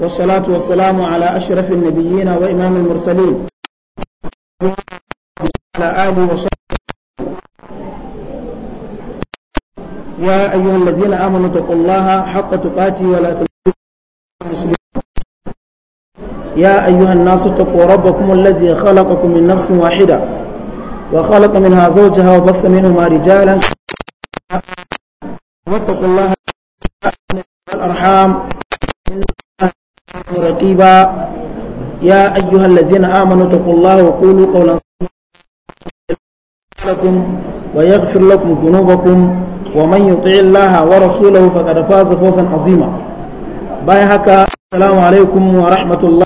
والصلاة والسلام على أشرف النبيين وإمام المرسلين على آله وصحبه يا أيها الذين آمنوا اتقوا الله حق تقاته ولا تموتن يا أيها الناس اتقوا ربكم الذي خلقكم من نفس واحدة وخلق منها زوجها وبث منهما رجالا واتقوا الله الأرحام baki ba ya ayyu hallazi na amanu ta kullahu wa kulu kaunan sallakun wa ya fi lakun zunubakun wa man yi tsaye laha wa rasulahu fa kada fasa fosan azima bayan haka salamu alaikum wa rahmatullah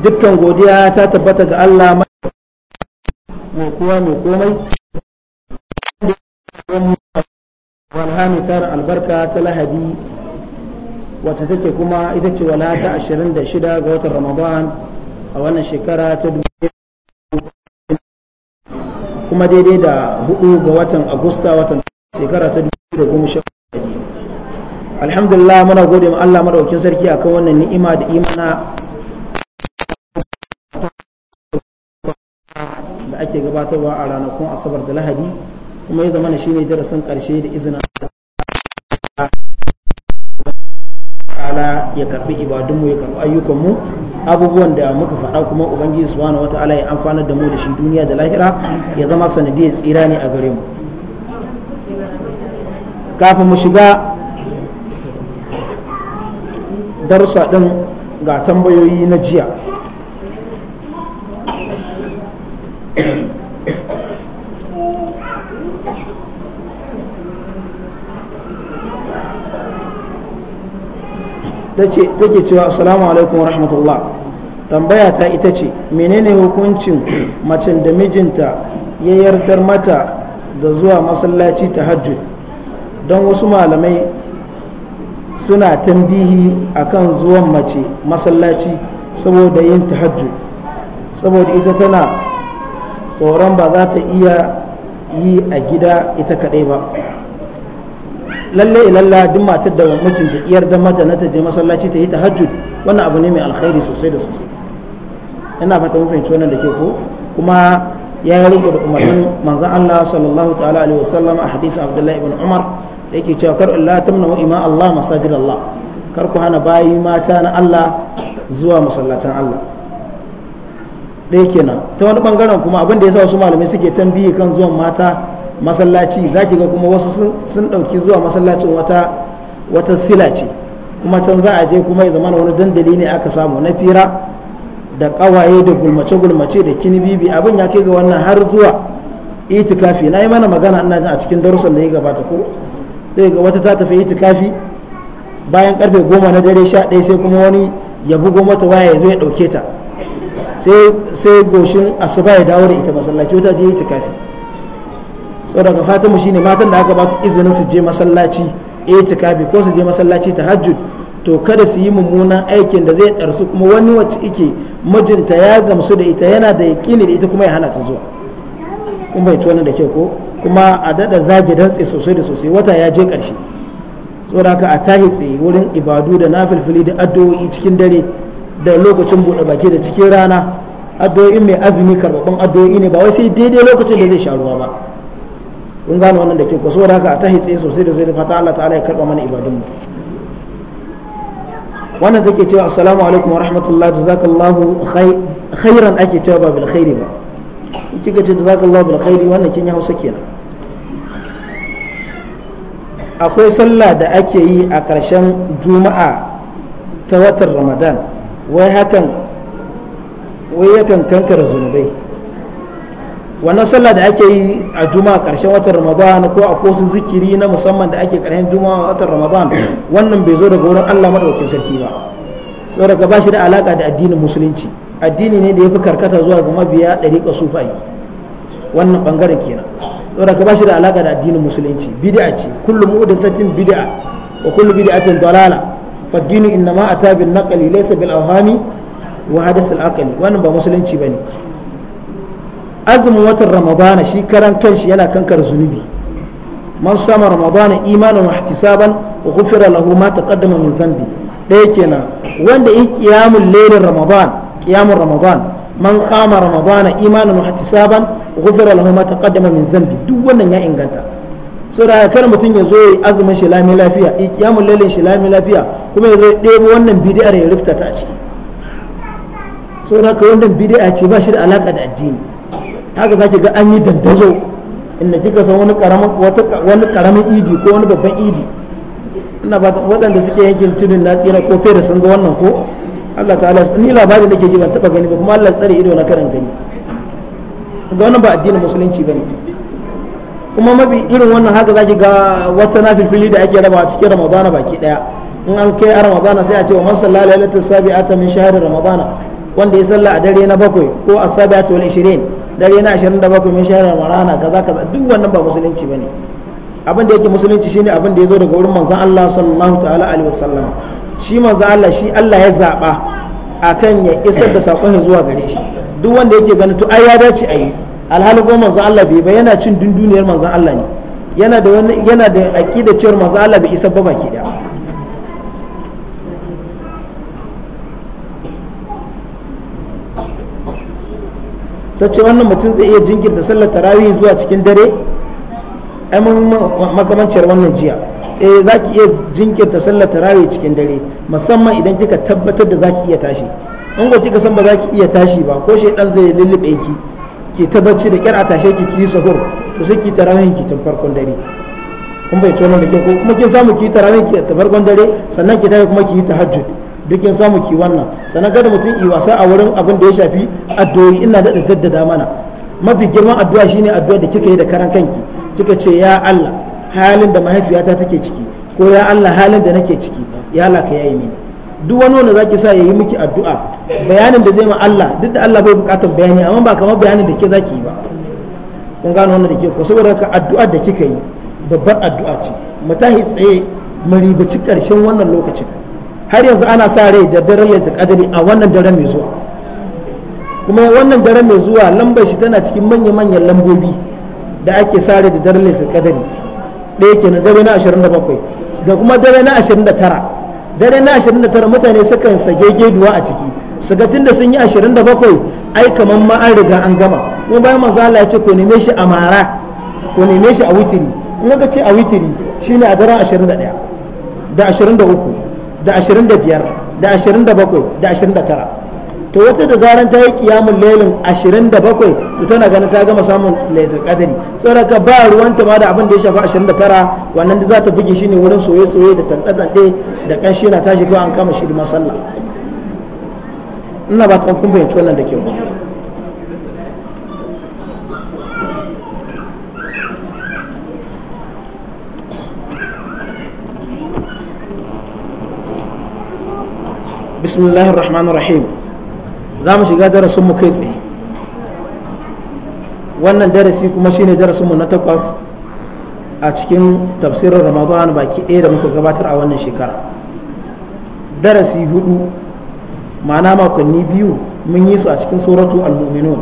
dukkan godiya ta tabbata ga Allah mai kowa mai komai alkur'ani tara albarka ta lahadi wata take kuma ita ce wala ta 26 ga watan ramadan a wannan shekara ta kuma daidai da hudu ga watan agusta watan shekara ta 2017 alhamdulillah muna gode ma Allah madaukakin sarki akan wannan ni'ima da imana da ake gabatarwa a ranakun asabar da lahadi kuma ya zama ne darasin karshe da izinin ala ya karbi ibadunmu ya karbi ayyukanmu abubuwan da muka faɗa kuma ubangiji subhanahu wata'ala ya amfana da mu da shi duniya da lahira ya zama sanadiyar tsira ne a gare mu kafin mu shiga darussa ɗin ga tambayoyi na jiya take cewa assalamu alaikum rahmatullah tambaya ta ita ce menene hukuncin macen da mijinta ya yardar mata da zuwa masallaci ta hajji don wasu malamai suna tambihi kan zuwan mace masallaci saboda yin tahajju saboda ita tana tsoron ba za ta iya yi a gida ita kaɗai ba lalle ilalla duk matar da mijinta iyar da mata na taje masallaci ta yi tahajjud wannan abu ne mai alkhairi sosai da sosai ina fata mun fahimci wannan da ke ko kuma ya yi da umarnin manzon Allah sallallahu ta'ala alaihi wasallam a hadisin Abdullah ibn Umar da yake cewa kar Allah wa ima Allah masajid Allah kar ku hana bayi mata na Allah zuwa masallatan Allah ɗaya kenan ta wani bangaren kuma abin da ya sa wasu malamai suke tambiyi kan zuwan mata masallaci za ki ga kuma wasu sun ɗauki zuwa masallacin wata wata sila ce kuma can za a je kuma ya zama wani dandali ne aka samu na fira da ƙawaye da gulmace-gulmace da kinibibi abin ya kai ga wannan har zuwa itikafi na yi mana magana ina jin a cikin darussan da ya gabata ko sai ga wata ta tafi itikafi bayan karfe goma na dare sha ɗaya sai kuma wani ya bugo mata waya ya zo ya ɗauke ta sai goshin asuba ya dawo da ita masallaci wata je itikafi saboda fatanmu mu shine matan da aka ba su izinin su je masallaci itikafi ko su je masallaci ta tahajjud to kada su yi mummunan aikin da zai ɗarsu kuma wani wacce ike mijinta ya gamsu da ita yana da yaƙini da ita kuma ya hana ta zuwa kuma bai wannan da kyau ko kuma a daɗa zage dantse sosai da sosai wata ya je ƙarshe saboda haka a tahi tsaye wurin ibadu da na filfili da addu'o'i cikin dare da lokacin buɗe baki da cikin rana addu'o'in mai azumi karɓaɓɓen addu'o'i ne ba wai sai daidai lokacin da zai sha ruwa ba kun gane wannan da ke ko saboda haka a sosai da zai fata Allah ta'ala ya karba mana ibadun wannan take cewa assalamu alaikum wa rahmatullahi jazakallahu khairan ake cewa ba bil khairi ba kika ce jazakallahu bil khairi wannan kin ya hausa kenan akwai sallah da ake yi a ƙarshen juma'a ta watan ramadan wai hakan wai yakan kankara zunubai wannan sallah da ake yi a juma'a karshen watan ramadan ko a kosu zikiri na musamman da ake karshen juma'a watan ramadan wannan bai zo daga wurin allah madaukakin sarki ba daga ka shi da alaka da addinin musulunci addini ne da ya fi karkata zuwa ga mabiya ɗariƙa sufai wannan ɓangaren kenan daga ka shi da alaka da addinin musulunci bid'a ce kullu satin bid'a wa kullu bid'atin dalala fa in innama ata bin naqli laysa bil awhami wa hadas al aqli wannan ba musulunci bane azumin watan ramadana shi karan kanshi yana kankar zunubi man sama ramadana imanin wa ihtisaban wa ghufira lahu ma taqaddama min dhanbi ɗaya kenan wanda yi qiyamul lailin ramadan qiyamul ramadan man qama ramadana imanin wa ihtisaban ghufira lahu ma taqaddama min dhanbi duk wannan ya inganta so da kar mutum ya zo ya azumin shi lami lafiya yi qiyamul lailin shi lami lafiya kuma ya zo ɗebo wannan bid'ar ya rufta ta a so da ka wannan bid'a ce ba shi da alaka da addini haka za ki ga an yi dandazo inda kika san wani karamin wani karamin idi ko wani babban idi ina ba waɗanda suke yankin tudun na tsira ko fere sun ga wannan ko Allah ta'ala ni labari nake ji ban taba gani ba kuma Allah tsare ido na karan gani ga wannan ba addinin musulunci bane kuma mabi irin wannan haka zaki ga wata nafilfili da ake rabawa cikin ramadana baki daya in an kai a ramadana sai a ce wa man salla lailatul sabi'ata min shahri ramadana wanda ya salla a dare na bakwai ko as-sabi'atu wal 20 dare na ashirin bakwai min ma marana kaza kaza duk wannan ba musulunci bane abin da yake musulunci shine abin da ya zo daga wurin manzon Allah sallallahu ta'ala alaihi wasallam shi manzon Allah shi Allah ya zaba akan ya isar da sakon zuwa gare shi duk wanda yake ganin to ai ya dace ayi alhali ko manzon Allah bai ba yana cin dunduniyar manzon Allah ne yana da wani yana da aqidar cewa manzon Allah bai isa ba baki daya ta ce wannan mutum zai iya jinkirta sallar tarawih zuwa cikin dare ai mun makamanciyar wannan jiya eh za ki iya jinkirta sallar tarawih cikin dare musamman idan kika tabbatar da za ki iya tashi in ko kika san ba za ki iya tashi ba ko shedan zai lullube ki ki tabbaci da kyar a tashe ki ki sahur to sai ki tarawih ki tun farkon dare kun bai tona da ke ko kuma kin samu ki tarawih ki ta farkon dare sannan ki tafi kuma ki yi tahajjud duk samun samu ki wannan sannan kada mutum yi wasa a wurin abin da ya shafi addu'o'i ina da jaddada mana mafi girman addu'a shi ne addu'a da kika yi da karan kanki kika ce ya Allah halin da mahaifiyata take ciki ko ya Allah halin da nake ciki ya Allah ka yayi mini duk wani wanda zaki sa ya yi miki addu'a bayanin da zai ma Allah duk da Allah bai bukatar bayani amma ba kamar bayanin da ke zaki yi ba kun gano wannan da ke ko saboda ka addu'a da kika yi babbar addu'a ce mu tahi tsaye mu ribaci karshen wannan lokacin har yanzu ana sa rai da daren lailatul kadari a wannan daren mai zuwa kuma wannan daren mai zuwa lambar shi tana cikin manya manyan lambobi da ake sa rai da daren lailatul kadari ɗaya ke na dare na 27 da kuma dare na 29 dare na 29 mutane sukan sage geduwa a ciki sagatun da sun yi 27 ai kamar ma an riga an gama kuma bayan manzo Allah ya ce ko neme shi a mara ko neme shi a witiri in ka ce a witiri shine a daren 21 da 23 da ashirin da biyar da ashirin ashirin da da da bakwai tara to wata da zaran ta yi kiyamun lailin bakwai to tana ganin ta gama samun laitar kadari saboda ka ba ruwanta ma da abin da ya shafi tara wannan da za ta buge shi ne wurin soye-soye da tantsantsanɗe da shi na tashi ko an kama shi da masalla ina ba ta fahimci wannan da kyau bismillahir rahmanir rahim za mu shiga darasin mu kai tsaye wannan darasi kuma shine darasin mu na takwas a cikin tafsirin ramadan baki ɗaya da muka gabatar a wannan shekara darasi hudu ma'ana makonni biyu mun yi su a cikin suratu al-mu'minun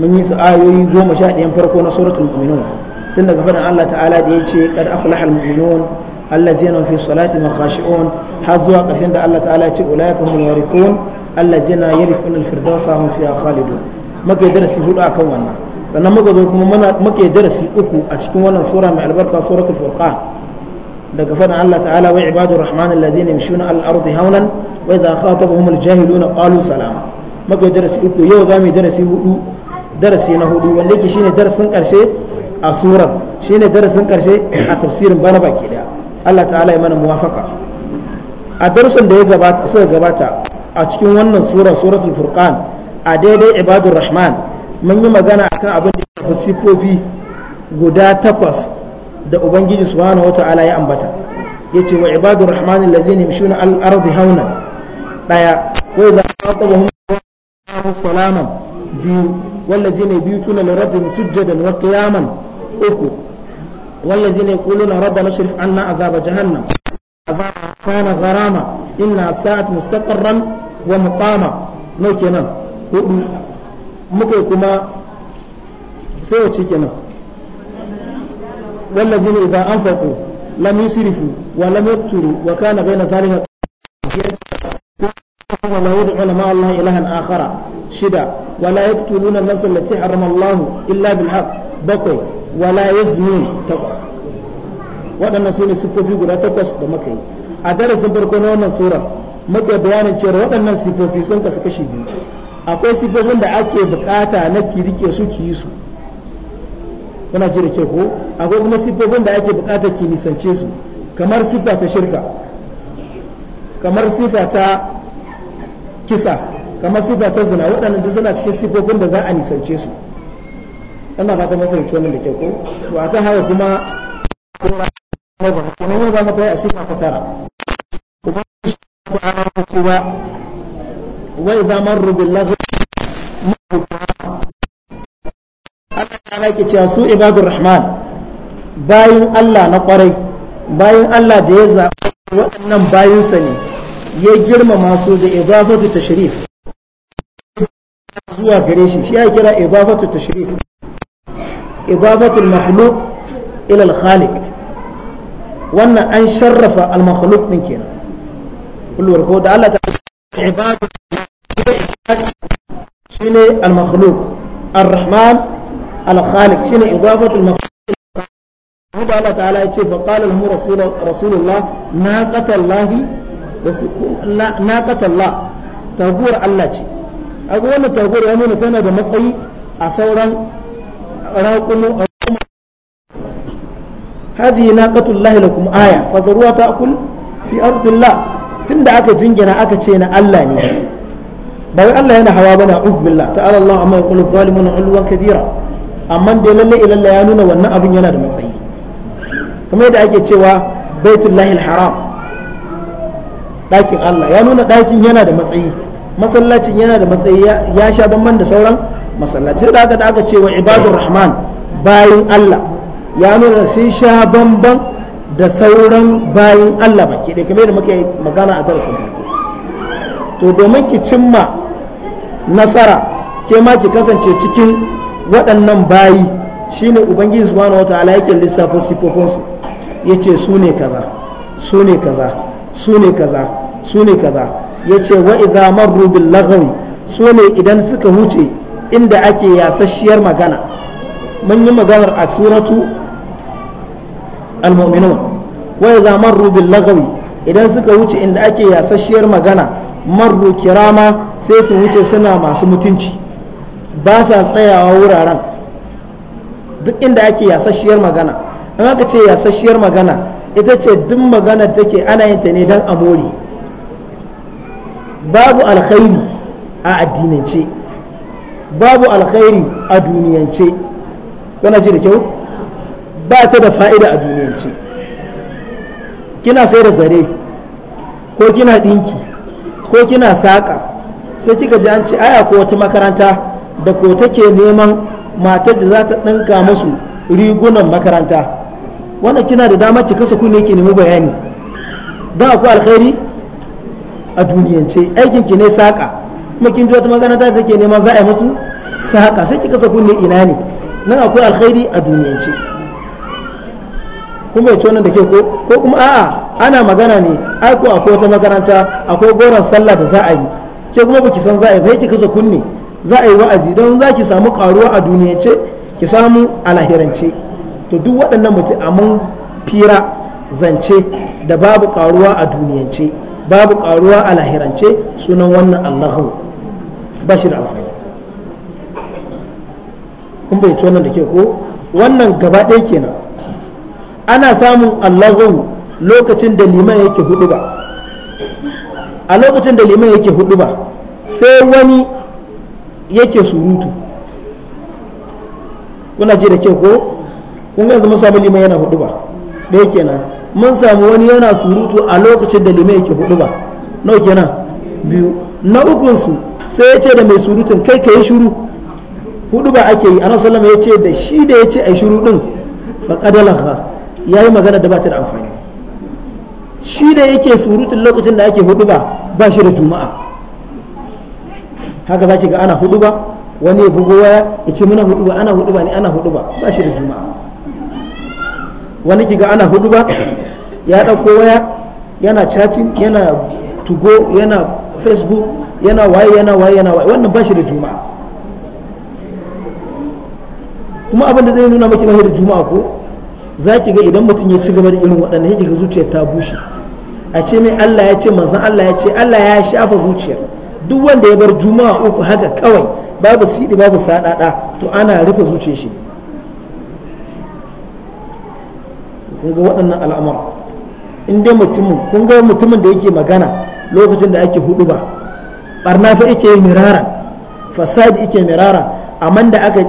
mun yi su ayoyi goma sha ɗayan farko na suratul muminu tun daga faɗin allah ta'ala da ya ce kad aflaha al-mu'minun allazina fi salati makhashi'un har zuwa ƙarshen da Allah ta'ala ya ce ulaika humul warithun allazina yarithuna al-firdausa hum fiha khalidun muke darasi hudu akan wannan sannan muka zo kuma muke darasi uku a cikin wannan sura mai albarka suratul furqan daga fadan Allah ta'ala wa ibadur rahman allazina yamshuna al-ardi hawnan wa idha khatabahum al-jahiluna qalu salama muke darasi uku yau zamu mu darasi hudu darasi na hudu wanda yake shine darasin karshe a surar shine darasin karshe a tafsirin bana baki daya Allah ta'ala mana muwafaka a darsan da ya gabata suka gabata a cikin wannan sura suratul furqan a daidai ibadur rahman mun yi magana akan abin da ya sifofi guda takwas da ubangiji subhanahu wata'ala ya ambata yace wa ibadur rahman alladhina yamshuna al ardi hauna daya wa idha khatabahum salaman biyu والذين يبيتون لربهم سجدا وقياما uku والذين يقولون ربنا اصرف عنا عذاب جهنم عذاب كان غراما إنها ساءت مستقرا ومقاما نوكينا مكيكما سيوتشيكينا والذين إذا أنفقوا لم يسرفوا ولم يقتلوا وكان بين ذلك ولا يدعون مع الله إلها آخر شدا ولا يقتلون النفس التي حرم الله إلا بالحق بقي wala ya zini takwas waɗannan su ne sifofi guda takwas da muka yi a darasin farko na wannan sura muka bayanin cewa waɗannan sifofi sun kasu kashi biyu akwai sifofin da ake bukata na ki rike su ki yi su kuna ji da ke ko akwai kuma sifofin da ake bukata ki nisance su kamar sifa ta shirka kamar sifa ta kisa kamar sifa ta zina waɗannan duk suna cikin sifofin da za a nisance su ina fata mun fahimci wannan da ke ko wa ta haka kuma kuma ne ba mata a sifa ta tara kuma ta cewa wa idza marru bil laghi Allah ya yake cewa su ibadur rahman bayin Allah na kwarai bayin Allah da ya zaɓi waɗannan bayinsa ne ya girmama su da idafatu tashrif zuwa gare shi shi ya kira idafatu tashrif idafatul makhluq ila al-khaliq wannan an sharrafa al-makhluq din kenan kullur ko da Allah ta ibadu shine al-makhluq ar-rahman al-khaliq هذا الله تعالى فقال لهم رسول رسول الله ناقة الله ناقة الله تغور الله أقول أن تغور يعني تنا بمصعي أصورا راقم هذه ناقة الله لكم آية فذروها تأكل في أرض الله تندى أكا جنجنا أكا تشينا الله ني باوي الله هنا حوابنا عوف بالله تعالى الله أما يقول الظالمون علوا كبيرا أما دي للي إلى الله يانونا وانا أبن ينار مسعي كما يدى أكا تشيوا بيت الله الحرام ɗakin Allah ya nuna ɗakin yana da matsayi masallacin yana da matsayi ya sha bamban da sauran masallaci da aka da aka ce wa ibadur rahman bayin Allah ya nuna sun sha bamban da sauran bayin Allah ba da kamar da muke magana a darasin to domin ki cimma nasara ke ma ki kasance cikin waɗannan bayi shine ubangiji subhanahu wataala yake lissafin sifofinsu yace su ne kaza su ne kaza su ne kaza su ne kaza yace wa idza marru bil lagawi su ne idan suka wuce. inda ake yasasshiyar magana mun yi maganar a suratu al-mu'minun wa idza marru bil lagawi idan suka wuce inda ake yasasshiyar magana marru kirama sai su wuce suna masu mutunci ba sa tsayawa wuraren duk inda ake yasasshiyar magana in aka ce yasasshiyar magana ita ce duk magana take ana yin ta ne don amori babu alkhairi a addinance babu alkhairi a duniyance kana ji da kyau ba ta da fa'ida a duniyance kina sai da zare ko kina dinki ko kina saƙa sai kika ji an ce aya ko wata makaranta da ko take neman matar da za ta ɗinka musu rigunan makaranta wannan kina da dama ki kasa kunne ki nemi bayani don akwai alkhairi a duniyance aikin ne saƙa kuma ji wata ta da take neman za a yi mutu su haka sai ki kasa kunne ina ne nan akwai alkhairi a duniyance kuma yace wannan da ke ko ko kuma a'a ana magana ne ai ko akwai wata makaranta akwai goron sallah da za a yi ke kuma baki san za a yi ba ki kasa kunne za a yi wa'azi don za ki samu karuwa a duniyance ki samu alahirance to duk waɗannan mutum mun fira zance da babu karuwa a duniyance babu karuwa a lahirance sunan wannan allahu ba shi da amfani kun bai wannan da ke ko wannan gaba ɗaya kenan ana samun allahu lokacin da liman yake hudu ba a lokacin da liman yake hudu ba sai wani yake surutu kuna ji da ke ko kun yanzu mun samu liman yana hudu ba ɗaya kenan mun samu wani yana surutu a lokacin da liman yake hudu ba nau kenan biyu na ukunsu sai ya ce da mai surutun kai ka yi shuru hudu ba ake yi a sallama ya ce da shi da ya ce a yi shuru din kadalar ha ya yi magana da ba ta da amfani shi da yake surutun lokacin da ake hudu ba ba shi da juma'a haka za ki ga ana hudu ba wani ya bugo waya ya ce muna hudu ba ana hudu ba ne ana hudu ba ba shi da juma'a wani ki ga ana hudu ba ya ɗauko waya yana chatting yana tugo yana facebook yana waye yana waye yana waye wannan ba shi da juma'a kuma abin da zai nuna maki ba shi da juma'a ko za ki ga idan mutum ya ci gaba da irin waɗannan ya ga zuciyar ta bushe a ce mai Allah ya ce manzan Allah ya ce Allah ya shafa zuciyar duk wanda ya bar juma'a uku haka kawai babu siɗi babu saɗaɗa to ana rufe zuciyar shi kun ga waɗannan al'amura in dai mutumin kun ga mutumin da yake magana lokacin da ake hudu ba barna fa ike mirara fasad ike mirara amma da aka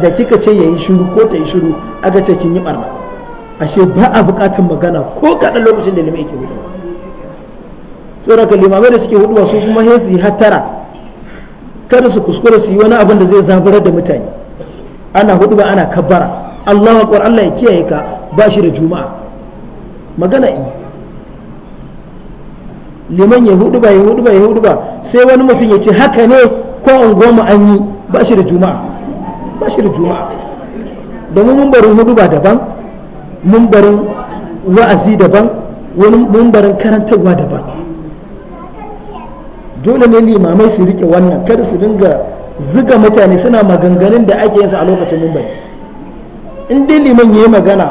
da kika ce yayi shiru ko ta yi shiru aka ce kin yi barna ashe ba a bukatun magana ko kaɗan lokacin da ike yake hudu tsoraka limamai da suke huduwa su kuma hesu yi hattara kada su kuskura su yi wani abin da zai zaburar da mutane ana huduwa ana kabbara akbar Allah ya kiyaye ka ba shi da juma'a magana yi liman ya hudu ba ya hudu ba ya hudu ba sai wani mutum ya ce haka ne ko an goma an yi ba shi da juma'a ba shi da juma'a domin mumbarin hudu ba daban mumbarin wa'azi daban wani mumbarin karantarwa daban dole ne limamai su rike wannan kada su dinga ziga mutane suna maganganun da ake yinsa a lokacin mumbari in dai liman ya yi magana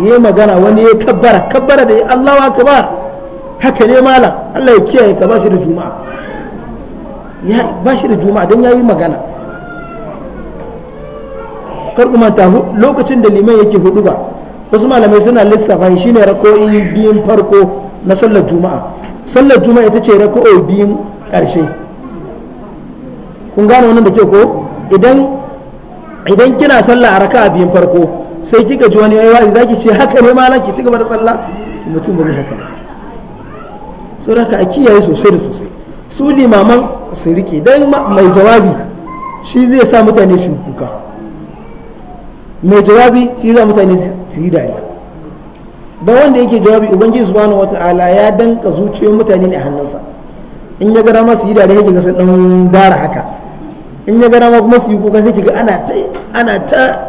ya yi magana wani ya kabbara kabbara da ya allahu akbar haka ne malam Allah ya kiyaye ka ba shi da juma'a ya ba shi da juma'a don ya yi magana kar ku manta lokacin da liman yake hudu ba wasu malamai suna lissafa shi ne rako'i biyun farko na sallar juma'a sallar juma'a ita ce rako'i biyun karshe kun gane wannan da ke ko idan idan kina sallah a raka'a biyun farko sai kika ji wani yawa wa'azi zaki ce haka ne malam ki ci gaba da sallah mutum ba zai haka ba saboda a kiyaye sosai da sosai su limaman su rike don mai jawabi shi zai sa mutane su kuka mai jawabi shi za mutane su yi dariya don wanda yake jawabi ubangiji subhanahu wata'ala ya danka zuciyoyin mutane ne a hannunsa in ya gara masu yi dariya yake ga sun dan dara haka in ya gara ma kuma su yi kuka sai kiga ana ta ana ta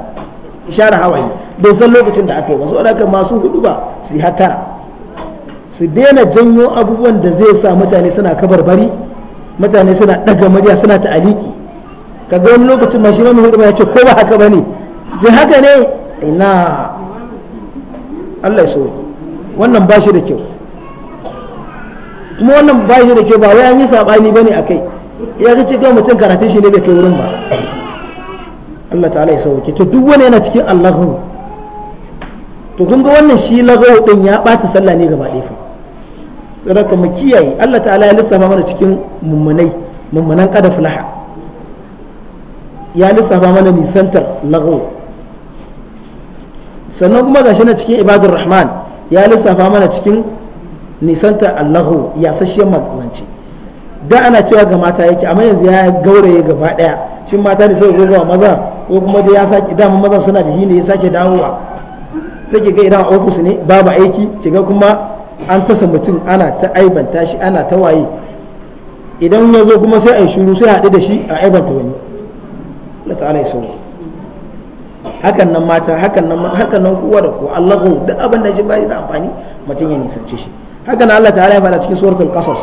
share hawaye bai san lokacin da aka yi ba saboda haka masu hudu ba su yi hatara su daina janyo abubuwan da zai sa mutane suna bari mutane suna daga murya suna ta'aliki kaga wani lokacin mashi shi ma hudu ya ce ko ba haka bane su ce haka ne ina Allah ya sauki wannan ba shi da kyau kuma wannan ba shi da kyau ba wai an yi sabani bane akai ya ga cikin mutum karatun shi ne bai kai wurin ba Allah ta'ala ya sauke to duk wani yana cikin Allahu to kun ga wannan shi lagawo din ya bata sallah ne gaba ɗaya saboda mu kiyaye Allah ta'ala ya lissafa mana cikin mummunai mummunan kada fulaha ya lissafa mana nisantar lagho sannan kuma gashi na cikin ibadur rahman ya lissafa mana cikin nisantar allahu ya sashiyar magazanci da ana cewa ga mata yake amma yanzu ya gauraye gaba daya shin mata da sai gogawa maza ko kuma da ya sake dama maza suna da shi ne ya sake dawowa sai ke ga idan ofis ne babu aiki ki ga kuma an tasa mutum ana ta aibanta shi ana ta waye idan ya zo kuma sai a yi shuru sai haɗu da shi a aibanta wani Allah ta'ala ya sauke hakan nan mata hakan nan hakan nan kowa da kowa Allah ko duk abin da ji ba da amfani mutum ya nisance shi hakan Allah ta'ala ya faɗa cikin suratul qasas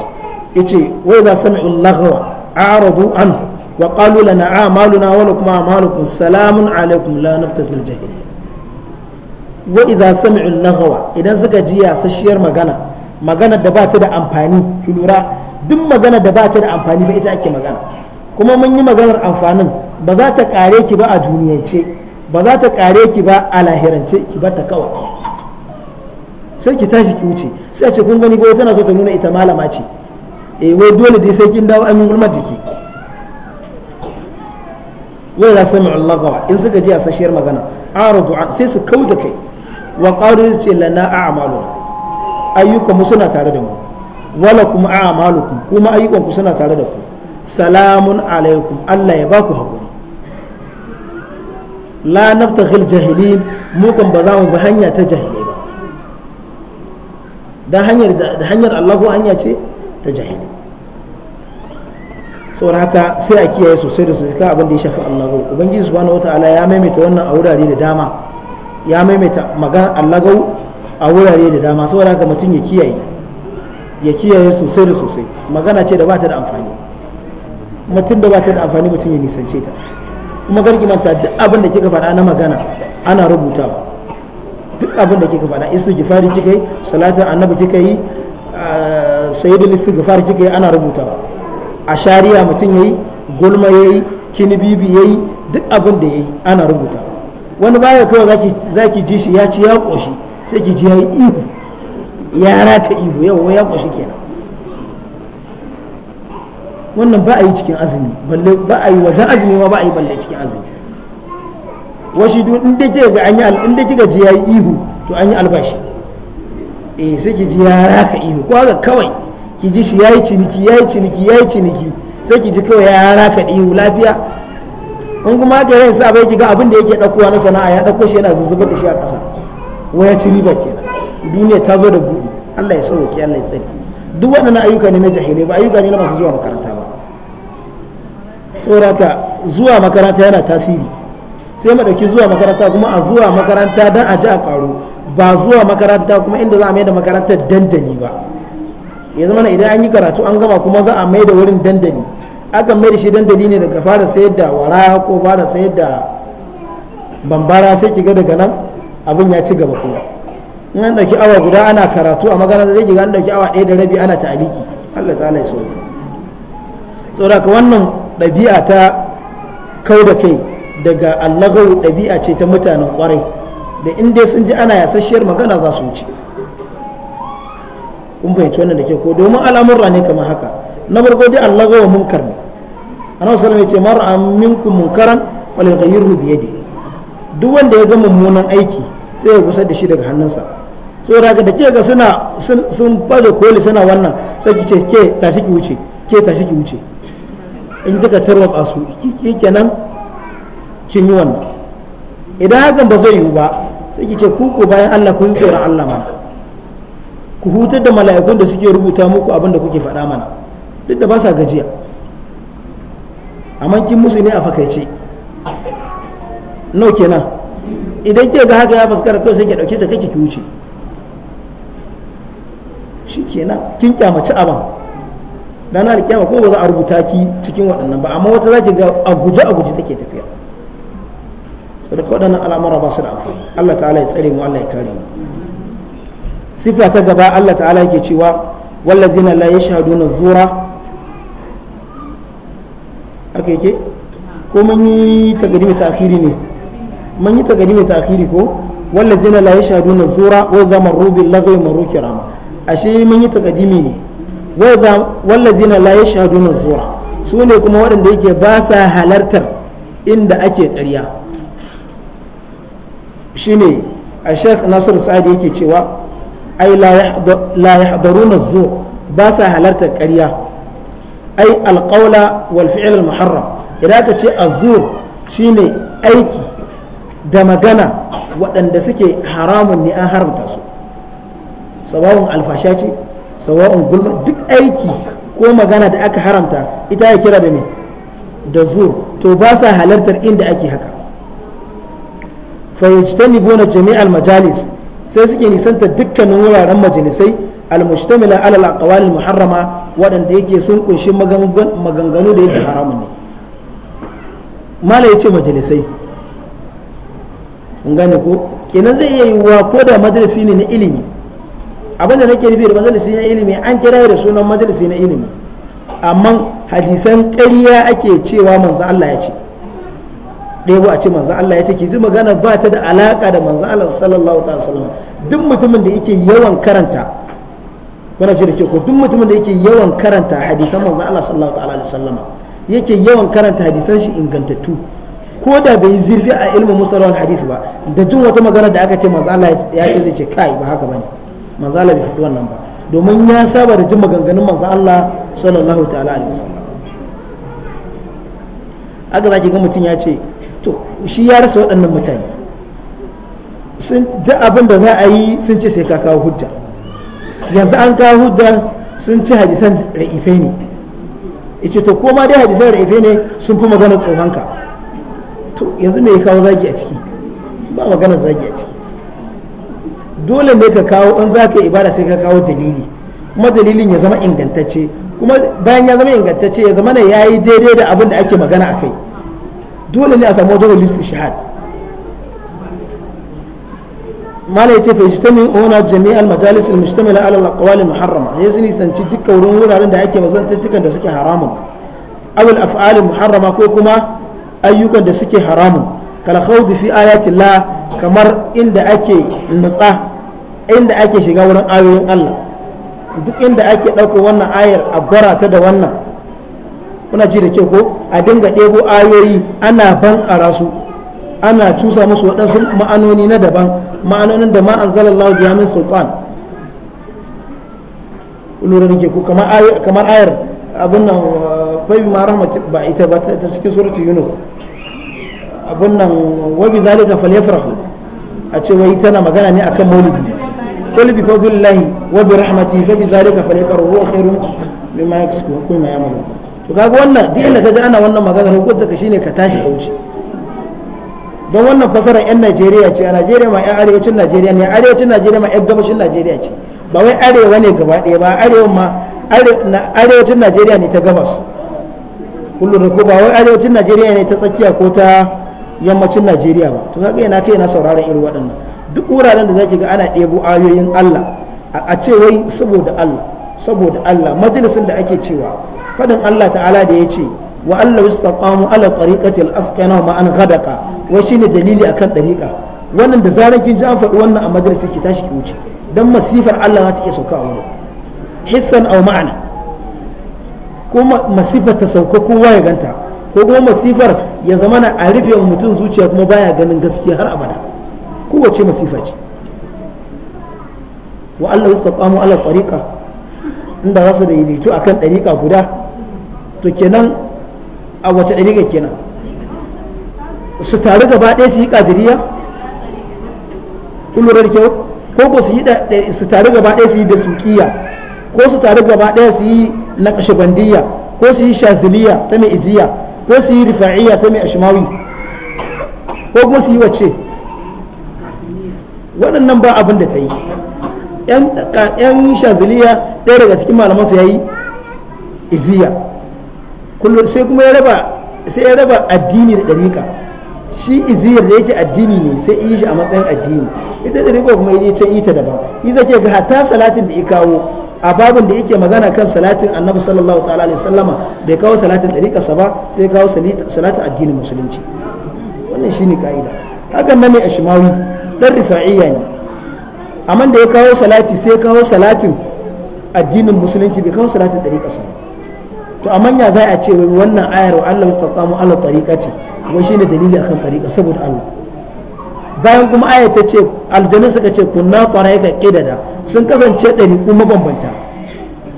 yace wa idza sami'u laghwa a'radu anhu wa qalu lana a'maluna wa lakum a'malukum salamun alaikum la nabtaghil jahilin wa idza sami'u lagawa idan suka ji yasasshiyar magana magana da ba ta da amfani ki lura duk magana da ba ta da amfani ba ita ake magana kuma mun yi maganar amfanin ba za ta kare ki ba a duniyance ba za ta kare ki ba a lahirance ki ba ta kawa sai ki tashi ki wuce sai a ce kun gani gobe tana so ta nuna ita malama ce eh wai dole dai sai kin dawo amin gulmar jiki wai za sami'u lagawa in suka ji yasasshiyar magana aradu sai su kau da kai wa qalu ce lana a'malu ayyukan mu suna tare da mu wala kuma a'malukum kuma ayyukan ku suna tare da ku salamun alaikum Allah ya baku hakuri la nabtaghil jahilin mu kan ba za mu bi hanya ta jahili ba dan hanyar da hanyar Allah ko hanya ce ta jahili saboda haka sai a kiyaye sosai da sosai kan abin da ya shafi Allah ubangiji subhanahu wataala ya maimaita wannan a wurare da dama ya maimaita magana allagau a wurare da dama saboda haka mutum ya kiyaye ya kiyaye sosai da sosai magana ce da ba ta da amfani mutum da ba ta da amfani mutum ya nisance ta kuma garki manta duk abin da kika faɗa na magana ana rubutawa duk abin da kika faɗa istighfari kika yi salatin annabi kika yi sayyidul istighfar kika yi ana rubutawa a shari'a mutum yi gulma yayi kinibibi yi duk abin da yi ana rubuta wani baya kawai za ki ji shi ya ci ya ƙoshi sai ki ji ya yi ihu ya rata ihu yau ya ƙoshi kenan wannan ba a yi cikin azumi balle ba a yi wajen azumi ma ba a yi balle cikin azumi washi duk in da kika ga an yi in da kika ji yayi ihu to an yi albashi eh sai ki ji ya raka ihu ko ga kawai ki ji shi yayi ciniki yayi ciniki yayi ciniki sai ki ji kawai ya raka ihu lafiya in kuma ka yin sa bai kiga abin da yake ɗaukowa na sana'a ya ɗauko shi yana zuzzubar da shi a ƙasa waya ci riba ke duniya ta zo da buɗi Allah ya sauke Allah ya tsare duk waɗannan ayyuka ne na jahilai ba ayyuka ne na masu zuwa makaranta ba saboda zuwa makaranta yana tasiri sai mu ɗauki zuwa makaranta kuma a zuwa makaranta don a ji a ƙaru ba zuwa makaranta kuma inda za a mai da makarantar dandali ba ya zama idan an yi karatu an gama kuma za a mai da wurin dandali akan mai da shi dandali ne daga fara sayar da wara ko fara sayar da bambara sai kiga daga nan abin ya ci gaba kuma in an dauki awa guda ana karatu a magana zai kiga an dauki awa ɗaya da rabi ana ta'aliki Allah ta'ala ya sauke saboda ka wannan ɗabi'a ta kau da kai daga allagau ɗabi'a ce ta mutanen kwarai da in sun ji ana yasasshiyar magana za su wuce kun fahimci wannan da ke ko domin al'amurra ne kamar haka na farko dai allagawa munkar ne annabi sallallahu alaihi wasallam ya ce mar'a minkum munkaran wal yughayyiru bi yadihi duk wanda ya ga mummunan aiki sai ya kusa da shi daga hannunsa so daga da ke suna sun baje koli suna wannan sai kike ce ke tashi ki wuce ke tashi ki wuce in kika tarwatsa su kenan kin yi wannan idan hakan ba zai yiwu ba sai kike ce ku ko bayan Allah kun tsira Allah ma ku hutar da mala'ikun da suke rubuta muku abin da kuke faɗa mana duk da ba sa gajiya amma kin musu ne a fakaice no kenan idan ke ga haka ya fuskara kai sai ke dauke ta kake ki wuce shi kenan kin kyamaci aban dan alkiyama ko ba za a rubuta ki cikin waɗannan ba amma wata za ki ga a guje a guje take tafiya So da waɗannan al'amura ba su da amfani Allah ta'ala ya tsare mu Allah ya kare mu sifa ta gaba Allah ta'ala yake cewa walladina la yashhaduna zura aka yake ko mun yi mai ta'khiri ne mun yi mai ta'khiri ko walladina la yashhaduna zura wa idha marru bil lagwi marru kirama ashe mun yi takadimi ne wa la walladina la yashhaduna zura su ne kuma waɗanda yake ba sa halartar inda ake ƙarya shine a sheikh nasiru sa'adi yake cewa ai la yahdaruna zura ba sa halartar ƙarya ai alƙaula wal fi'il al muharram idan ka ce azur shine aiki da magana waɗanda suke haramun ne an haramta su sawa'un alfasha ce gulma duk aiki ko magana da aka haramta ita ya kira da da zur to ba sa halartar inda ake haka fayyajtanibuna jami'al majalis sai suke nisanta dukkanin wuraren majalisai al-mushtamila ala al-aqwal muharrama waɗanda yake sun kunshi maganganu da yake haramun ne mala ya ce majalisai kun gane ko kenan zai iya yiwuwa ko da majalisi ne na ilimi abin da nake nufi da majalisi na ilimi an kira da sunan majalisi na ilimi amma hadisan ƙarya ake cewa manzo Allah ya ce ɗebo a ce manzo Allah ya ce ki ji magana ba ta da alaka da manzo Allah sallallahu alaihi wasallam duk mutumin da yake yawan karanta kuna ce da ke ko duk mutumin da yake yawan karanta hadisan manzo Allah sallallahu ta'ala alaihi wasallama yake yawan karanta hadisan shi ingantattu ko da bai zirfi a ilmin musalawar hadisi ba da jin wata magana da aka ce manzo Allah ya ce zai ce kai ba haka bane manzo Allah bai faɗi wannan ba domin ya saba da jin maganganun manzo Allah sallallahu ta'ala alaihi wasallam haka zaki ga mutum ya ce to shi ya rasa waɗannan mutane sun duk abin da za a yi sun ce sai ka kawo hujja yanzu an kawo hudda sun ci hadisan ra'ife ne yace to koma dai hadisan ra'ife ne sun fi magana tsohonka to yanzu me ya kawo zagi a ciki ba magana zagi a ciki dole ne ka kawo in za ka yi ibada sai ka kawo dalili kuma dalilin ya zama ingantacce kuma bayan ya zama ingantacce ya zama ne ya yi daidai da abin da ake magana a kai dole ne a samu wajen shahad ما لا يتفى يجتمع هنا جميع المجالس المشتملة على الأقوال المحرمة يزني سنتي دك ورنور على دعاك مزان تنتك أن دسكي حرام أو الأفعال المحرمة كوكما أيوك أن دسكي حرام كالخوض في آيات الله كمر إن دعاك النصاح إن دعاك شغاورا آيوين الله duk inda ake ɗauka wannan ayar a gwara ta da wannan kuna ji da ke ko a dinga ɗebo ayoyi ana ban su ana cusa musu waɗansu ma'anoni na daban ma'anonin da ma anzalallahu biya min sultan lura da ke ku kamar ayar abin nan uh, fabi ma rahmat ba ita ba ta cikin surutu yunus abin nan wabi zalika falyafrahu a ce wai tana magana ne akan maulidi قل بفضل الله وبرحمته فبذلك فليفرحوا هو خير مما يكسبون ma ما يعملون to kaga wannan duk inda ka ji ana wannan magana hukunta ka shine ka tashi a wuce don wannan fasarar 'yan najeriya ce a najeriya ma 'yan arewacin najeriya ne arewacin najeriya ma 'yan gabashin najeriya ce ba wai arewa ne gaba ɗaya ba arewa ma arewacin najeriya ne ta gabas kullum da ko ba wai arewacin najeriya ne ta tsakiya ko ta yammacin najeriya ba to kaga yana kai na sauraron irin waɗannan duk wuraren da zaki ga ana ɗebo ayoyin allah a ce wai saboda allah saboda allah majalisin da ake cewa faɗin allah ta'ala da ya ce wa allahu istaqamu ala tariqati al-asqana ma an ghadaka wai shine dalili akan dariqa wannan da zarar kin ji an faɗi wannan a madrasa ki tashi ki wuce dan masifar Allah za ta iya sauka a wurin hissan aw ma'ana ko masifar ta sauka kowa ya ganta ko kuma masifar ya zamana a rufe mutum zuciya kuma baya ganin gaskiya har abada kowace masifa ce wa Allah istaqamu ala tariqa inda za su to akan dariqa guda to kenan a wace ɗariƙa kenan su taru gaba ɗaya su yi ƙadiriya kun lura da kyau ko ko su taru gaba ɗaya su yi da suƙiya ko su taru gaba ɗaya su yi na ƙashabandiyya ko su yi shaziliya ta mai iziya ko su yi rifa'iyya ta mai ashimawi ko kuma su yi wacce waɗannan ba abin da ta yi yan shaziliya ɗaya daga cikin malamansu ya yi iziya kullum sai kuma ya raba sai ya raba addini da dariƙa shi iziyar da yake addini ne sai yi shi a matsayin addini ita dariƙa kuma yi can ita daban yi zake ga hatta salatin da ya kawo a babin da yake magana kan salatin annabi sallallahu ta'ala alaihi sallama bai kawo salatin sa ba sai kawo salatin addinin musulunci wannan shine ka'ida hakan nan ne a shimawi ɗan rifa'iyya ne amma da ya kawo salati sai kawo salatin addinin musulunci bai kawo salatin sa ba to a manya za a ce wai wannan ayar wa Allah mustaqamu ala ce, wai shine dalili akan tariqa saboda Allah bayan kuma ayar ta ce aljanna suka ce kunna taraika qidada sun kasance dari kuma mabambanta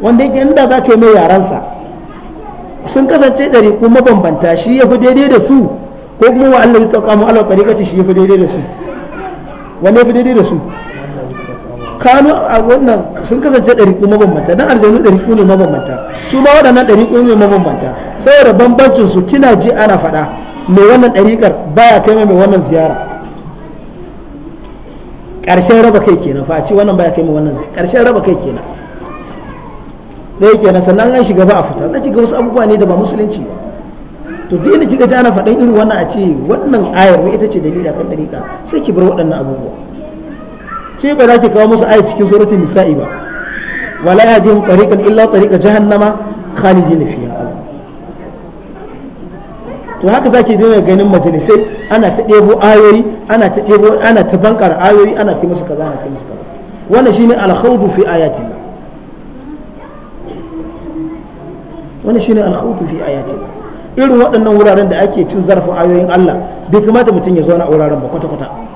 wanda yake inda za ka yi mai yaransa sun kasance dari kuma mabambanta shi ya fi daidai da su ko kuma wa Allah mu ala tariqati shi ya fi daidai da su wani ya fi daidai da su Kano a wannan sun kasance ɗariƙu mabambanta dan aljanu ɗariƙu ne mabambanta su ma waɗannan ɗariƙu ne mabambanta saboda bambancin su kina ji ana faɗa mai wannan ɗariƙar baya kai mai wannan ziyara ƙarshen raba kai kenan fa a ci wannan baya kai mai wannan ziyara ƙarshen raba kai kenan yake kenan sannan an shiga ba a fita zaki ga wasu abubuwa ne da ba musulunci ba to duk inda kika ji ana faɗan irin wannan a ce wannan ayar ita ce dalili akan ɗariƙa sai ki bar waɗannan abubuwa shi ba za ki kawo musu aya cikin suratul nisa'i ba wala yahdihim tariqan illa tariqa jahannama khalidin fiha to haka zaki dinga ganin majalisai ana ta ɗebo ayoyi ana ta debo ana ta bankar ayoyi ana ta musu kaza ana ta musu kaza wannan shine al-khawdu fi ayatillah wannan shine al-khawdu fi ayatillah irin waɗannan wuraren da ake cin zarafin ayoyin Allah bai kamata mutum ya zo na wuraren ba kwata-kwata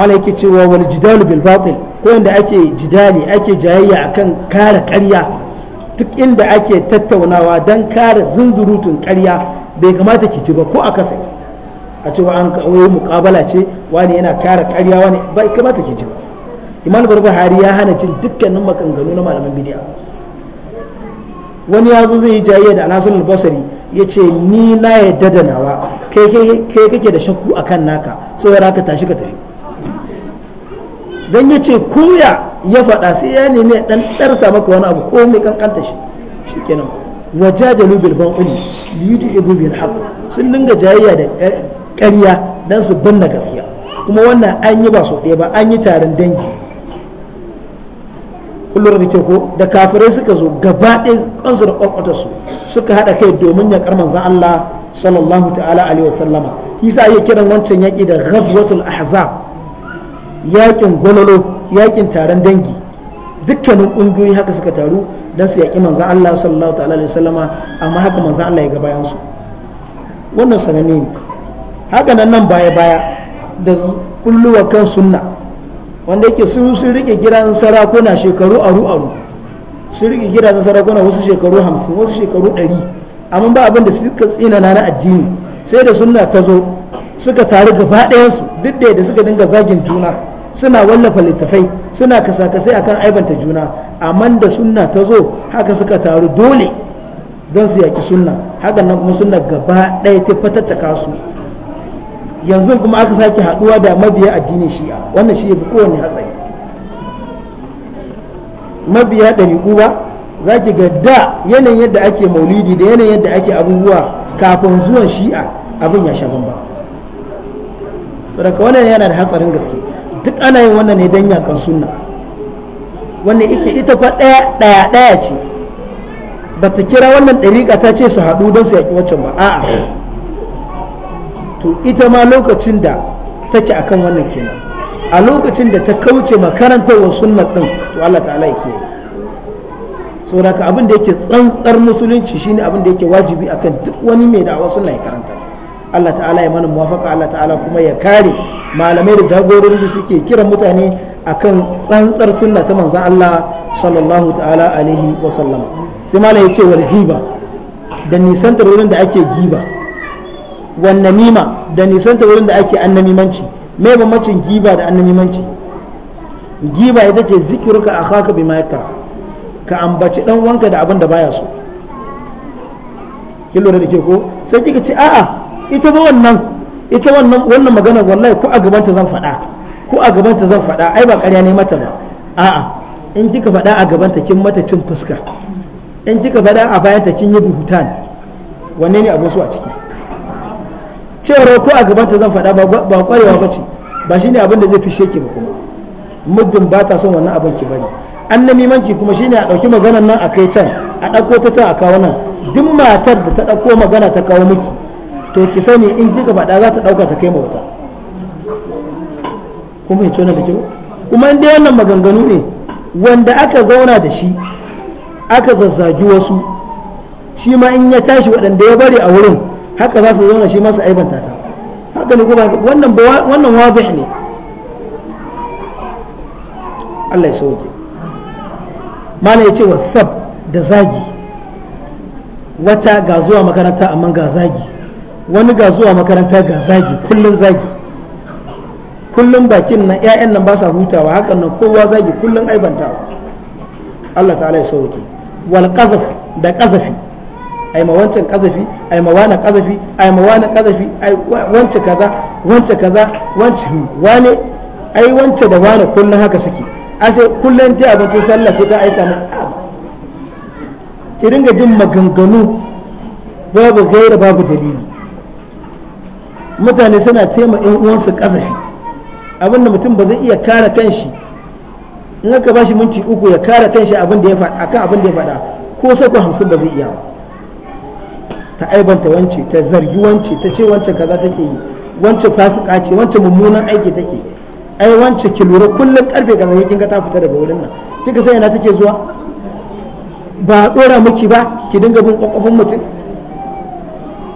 mala yake cewa wal jidalu bil batil ko inda ake jidali ake jayayya akan kare ƙarya duk inda ake tattaunawa dan kare zunzurutun karya bai kamata ki ci ba ko a kasa a cewa an kawai muƙabala ce wani yana kare ƙarya wani bai kamata ki ci ba imam hari ya hana cin dukkanin maganganu na malaman bidiya wani ya zo zai yi jayayya da alhassan albasari ya ce ni na yadda da nawa kai kake da shakku akan naka saboda haka tashi ka tafi dan ya ce koya ya faɗa sai ya nemi dan ɗarsa maka wani abu ko mai kankanta shi da wajadalu bil yudu ibu bin haku sun dinga jayayya da karya don su banna gaskiya kuma wannan an yi ba so ɗaya ba an yi taron dangi kullum da ko da kafirai suka zo gaba ɗaya kansu da kwakwata suka haɗa kai domin ya karman zan Allah sallallahu ta'ala alaihi wasallama sa ya kiran wancan yaƙi da ghazwatul ahzab yakin gwalolo yakin taron dangi dukkanin ƙungiyoyi haka suka taru don su yaƙi manzan Allah sallallahu ta'ala alaihi sallama amma haka manzan Allah ya ga bayan su wannan sananne ne haka nan nan baya baya da kulluwa kan sunna wanda yake sun sun rike gidan sarakuna shekaru aru aru sun rike gidajen sarakuna wasu shekaru hamsin wasu shekaru ɗari amma ba abin da suka tsina na addini sai da sunna ta zo suka taru gaba ɗayansu duk da yadda suka dinga zagin juna suna wallafa littafai suna kasakasai akan aibanta juna amma da sunna ta zo haka suka taru dole don su yaki sunna haka nan kuma sunna gaba ɗaya ta fatattaka su yanzu kuma aka sake haɗuwa da mabiya addinin shi'a wannan shi yafi kowane hatsari mabiya ɗari ba za ki ga da yanayin yadda ake maulidi da yanayin yadda ake abubuwa kafin zuwan shi'a abin ya sha bamba. Saboda wannan yana da hatsarin gaske. duk ana yin wannan ne don yakan suna wannan ita ita fa ɗaya ɗaya ɗaya ce ba ta kira wannan ɗariƙa ta ce su haɗu don su yaƙi waccan ba a'a to ita ma lokacin da take akan wannan kenan a lokacin da ta kauce wa sunan ɗin to Allah ta'ala ya ke saboda ka abin da yake tsantsar musulunci shine abin da yake wajibi akan duk wani mai da'awa sunna ya karanta Allah ta'ala ya mana muwafaka Allah ta'ala kuma ya kare malamai da jagorori da suke kiran mutane akan tsantsar sunna ta manzon Allah sallallahu ta'ala alaihi wa sallama sai malam ya ce wal hiba da nisantar wurin da ake giba wan namima da nisantar wurin da ake annamimanci me bambancin giba da annamimanci giba ita ce zikiruka akhaka bima yakra ka ambaci dan wanka da abin da baya so kin lura da ke ko sai kika ce a'a ita ba wannan ita wannan wannan magana wallahi ko a gabanta zan faɗa ko a gabanta zan faɗa ai ba ƙarya ne mata ba a'a in kika faɗa a gabanta kin mata cin fuska in kika faɗa a bayanta kin yi buhutan wanne ne abin su a ciki cewa ko a gabanta zan faɗa ba ƙwarewa ba ce ba shine abin da zai fishe ki ba kuma muddin ba ta son wannan abin ki bari an na mimanci kuma shine a ɗauki maganar nan a kai can a ɗauko ta can a kawo nan duk matar da ta ɗauko magana ta kawo miki to ki sani in kika faɗa za ta ɗauka ta kai mawuta kuma fahimci wannan da kyau kuma in wannan maganganu ne wanda aka zauna da shi aka zazzagi wasu shi ma in ya tashi waɗanda ya bari a wurin haka za su zauna shi ma su aibanta ta haka ne kuma wannan wannan wadih ne Allah ya sauke mana ya ce sab da zagi wata ga zuwa makaranta amma ga zagi wani ga zuwa makaranta ga zagi kullum zagi kullum bakin nan 'ya'yan nan ba sa hutawa hakan nan kowa zagi kullum aibantawa Allah ta'ala ya sauke wal qazaf da qazafi ai ma wancan qazafi ai ma wani qazafi ai ma wani qazafi ai wance kaza wance kaza wance wane ai wance da wane kullun haka suke a sai kullun ta abinci sallah sai ta aika mu ah, ki ringa jin maganganu babu gaira babu dalili mutane suna taima yan uwansu kasafi abinda mutum ba zai iya kare kanshi in aka shi minti uku ya kare kanshi abin da ya faɗa akan abin da ya faɗa ko sako hamsin ba zai iya ba ta aibanta wance ta zargi wance ta ce wance kaza take yi wance fasika ce wance mummunan aiki take ai wance ki lura kullum karfe kaza kin ga ta fita daga wurin nan kika sai ina take zuwa ba a dora miki ba ki dinga bin kokofin mutum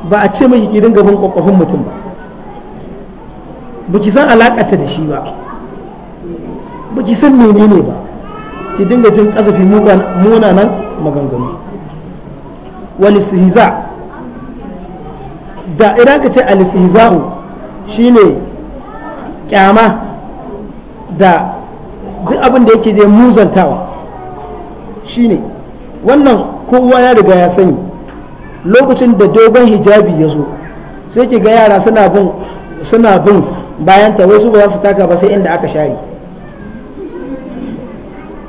ba a ce miki ki dinga bin kokofin mutum ba ba ki san alakata da shi ba ba ki san menene ba ki dinga jin kasafi munanan maganganu wal da idan ka ce al shi shine kyama da duk abin da yake da muzantawa shine wannan kowa ya riga ya sani lokacin da dogon hijabi ya zo sai ki ga yara suna bin bayan ta wasu ba za su taka ba sai inda aka share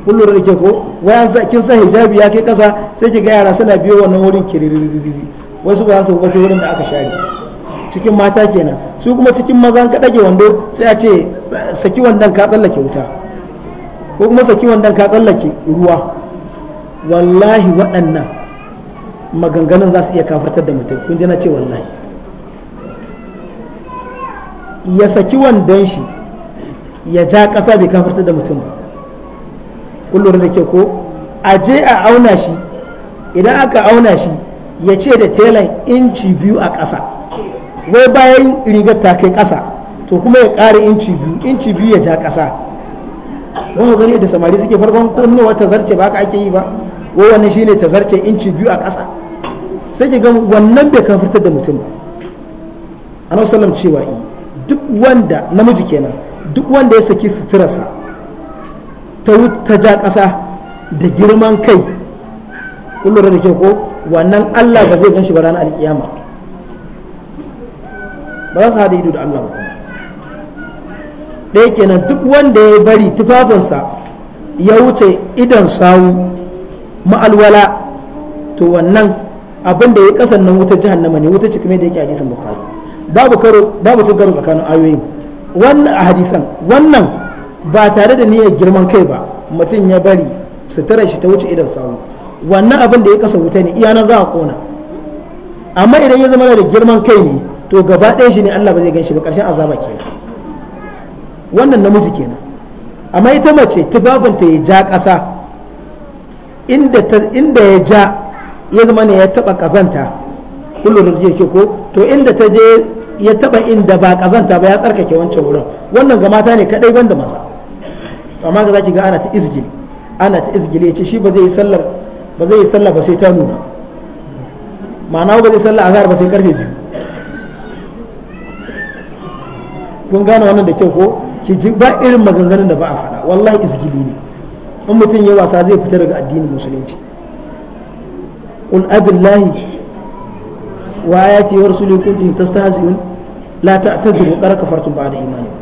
kullum da ke ko wayan kin sa hijabi ya kai kasa sai ki ga yara suna biyo wannan wurin kiririri wasu ba za su ba sai wurin da aka share cikin mata kenan su kuma cikin mazan ka dage wando sai a ce saki wandan ka tsallake wuta ko kuma saki wandan ka tsallake ruwa wallahi waɗannan maganganun za su iya kafartar da mutum kun ji na ce wallahi ya saki wandon shi ya ja ƙasa bai kafarta da mutum ba kullum da ke ko a je a auna shi idan aka auna shi ya ce da telan inci biyu a ƙasa wai bayan rigar ta kai ƙasa to kuma ya ƙara inci biyu inci biyu ya ja ƙasa wani gani da samari suke farkon kunnuwa wata zarce ba ka ake yi ba wai wannan shine ta zarce inci biyu a ƙasa sai ki ga wannan bai kafartar da mutum ba annabi sallam cewa yi duk wanda namiji kenan duk wanda ya saki suturarsa ta ja ƙasa da girman kai kullum da ke ko wannan Allah ba zai ganshi ba ranar alkiyama ba za su haɗe ido da Allah ba ɗaya kenan duk wanda ya bari tufafinsa ya wuce idan sawu ma'alwala to wannan abin da ya kasan nan wutar jahannama ne wuta cikin da yake hadisin bukhari babu karo babu cin karo tsakanin ayoyin wannan a hadisan wannan ba tare da niyyar girman kai ba mutum ya bari sutura shi ta wuce idan sawu wannan abin da ya kasa wuta ne iya nan za a kona amma idan ya zama da girman kai ne to gaba ɗaya shi ne Allah ba zai ganshi ba ƙarshen azaba kenan wannan namiji kenan amma ita mace tubabinta ya ja ƙasa inda ya ja ya zama ne ya taɓa ƙazanta kullum da ke ko to inda ta je ya taba inda ba kazanta ba ya tsarkake wancan wurin wannan ga mata ne kadai ban da maza amma ga zaki ga ana ta izgili ana ta izgili yace shi ba zai yi sallar ba zai yi sallar ba sai ta nuna ma'ana ba zai sallar azhar ba sai karfe biyu kun gane wannan da kyau ko ki ji ba irin maganganun da ba a faɗa wallahi izgili ne in mutum ya wasa zai fita daga addinin musulunci qul abillahi وآياتي ورسولي كنتم تستهزئون لا تعتذروا قد كفرتم بعد إيمانكم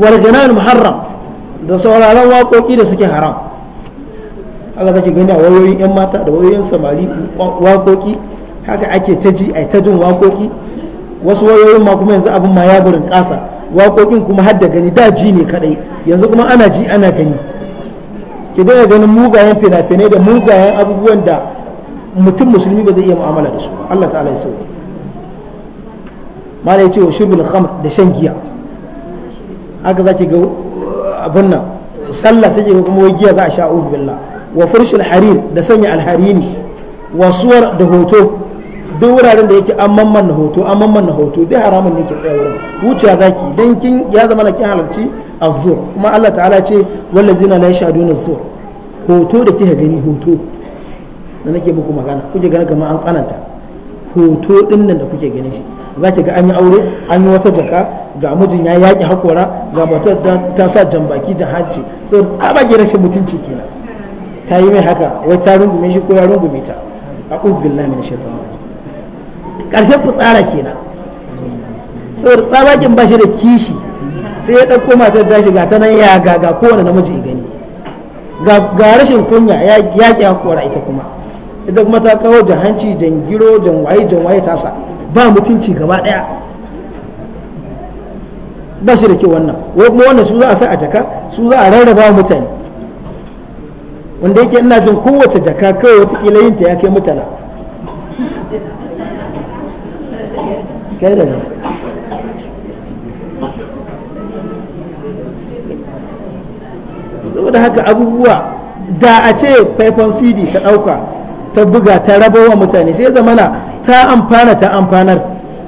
والجنان محرم da sauraron waƙoƙi da suke haram haka zaki gani a wayoyin 'yan mata da wayoyin samari waƙoƙi haka ake ta ji a ta jin waƙoƙi wasu wayoyin ma kuma yanzu abin ma ya burin ƙasa waƙoƙin kuma har da gani da ji ne kadai yanzu kuma ana ji ana gani ki daina ganin mugayen fina-finai da mugayen abubuwan da mutum musulmi ba zai iya mu'amala da su Allah ta'ala ya sauke mala ya ce wa shurbul khamr da shan giya haka ki ga abin nan sallah sai ga kuma giya za a sha uzu billah wa furshul harir da sanya alharini wa suwar da hoto duk wuraren da yake an mamman na hoto an mamman na hoto dai haramun ne ke tsaya wurin wuciya zaki dan kin ya zama na kin halarci azzur kuma Allah ta'ala ce wallazina la yashaduna zur hoto da kika gani hoto da nake muku magana kuke gani kamar an tsananta hoto din nan da kuke ganin shi za ki ga an yi aure an yi wata jaka ga mijin ya yaƙi hakora ga matar ta sa jambaki da hajji saboda tsabage rashin mutunci kenan ta yi mai haka wai ta rungume shi ko ya rungume ta a uzbillah min shaitan karshen fitsara kenan saboda tsabagen ba shi da kishi sai ya ɗauko matar ta shiga ta nan ya ga ga kowane namiji gani ga rashin kunya ya yaƙi hakora ita kuma idan kuma ta kawo jahanci jangiro janwaye janwaye tasa ba mutunci gaba daya ba shi da ke wannan wai kuma wannan su za a sa a jaka su za a rarraba mutane wanda yake ina jin kowace jaka kawai watakila yin ta ya kai mutana da saboda haka abubuwa da a ce faifan cd ka ɗauka ta buga ta rabo wa mutane sai na ta amfana ta amfanar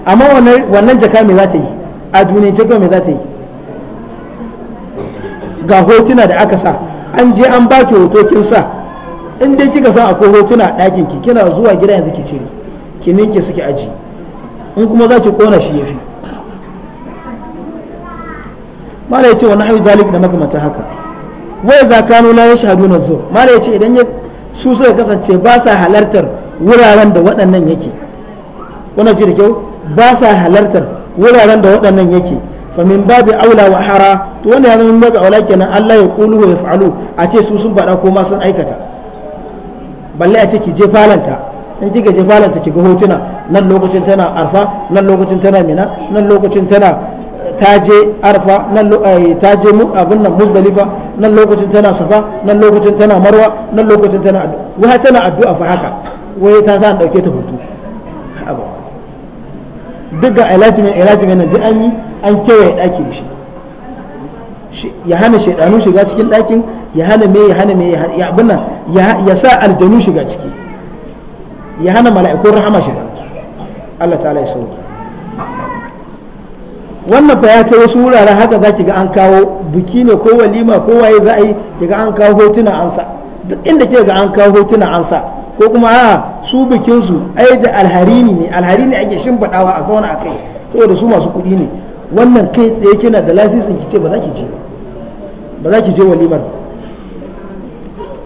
amma wannan jaka me za ta yi a duniyar jaka me za ta yi ga hotuna da aka sa an je an ba hoto hotokin sa in dai kika san akwai hotuna ɗakin ki kina zuwa gida yanzu ki cire ki ninke suke aji in kuma za ki kona shi yafi mara ya ce wani hawi zalik da makamanta haka wai za kano la ya shahadu na zo mara ya ce idan ya su suka kasance ba sa halartar wuraren da waɗannan yake wannan ji da kyau ba sa halartar wuraren da waɗannan yake famin babu aula wa hara to wanda ya zama babu aula kenan Allah ya kulu ya fa'alu a ce su sun faɗa ko sun aikata balle a ce ki je falanta in kika je falanta ki ga hotuna nan lokacin tana arfa nan lokacin tana mina nan lokacin tana ta je arfa nan ta je abin nan muzdalifa nan lokacin tana safa nan lokacin tana marwa nan lokacin tana addu'a wai tana addu'a fa haka wai ta sa dauke ta hutu duk ga ilajimin ilajimin nan duk an yi an kewaye daki da shi ya hana shaidanu shiga cikin dakin ya hana me ya hana me ya abin nan ya sa aljanu shiga ciki ya hana mala'ikun rahama shiga Allah ta'ala ya sauke wannan fa ya ta wasu wuraren haka za ki ga an kawo biki ne ko walima ko waye za a yi ki ga an kawo hotuna an sa duk inda ke ga an kawo hotuna an sa ko kuma a su bikin su ai da alharini ne alharini ake shimfadawa a zauna a kai saboda su masu kuɗi ne wannan kai tsaye kina da lasisin ki ce ba za ki je ba za ki je walimar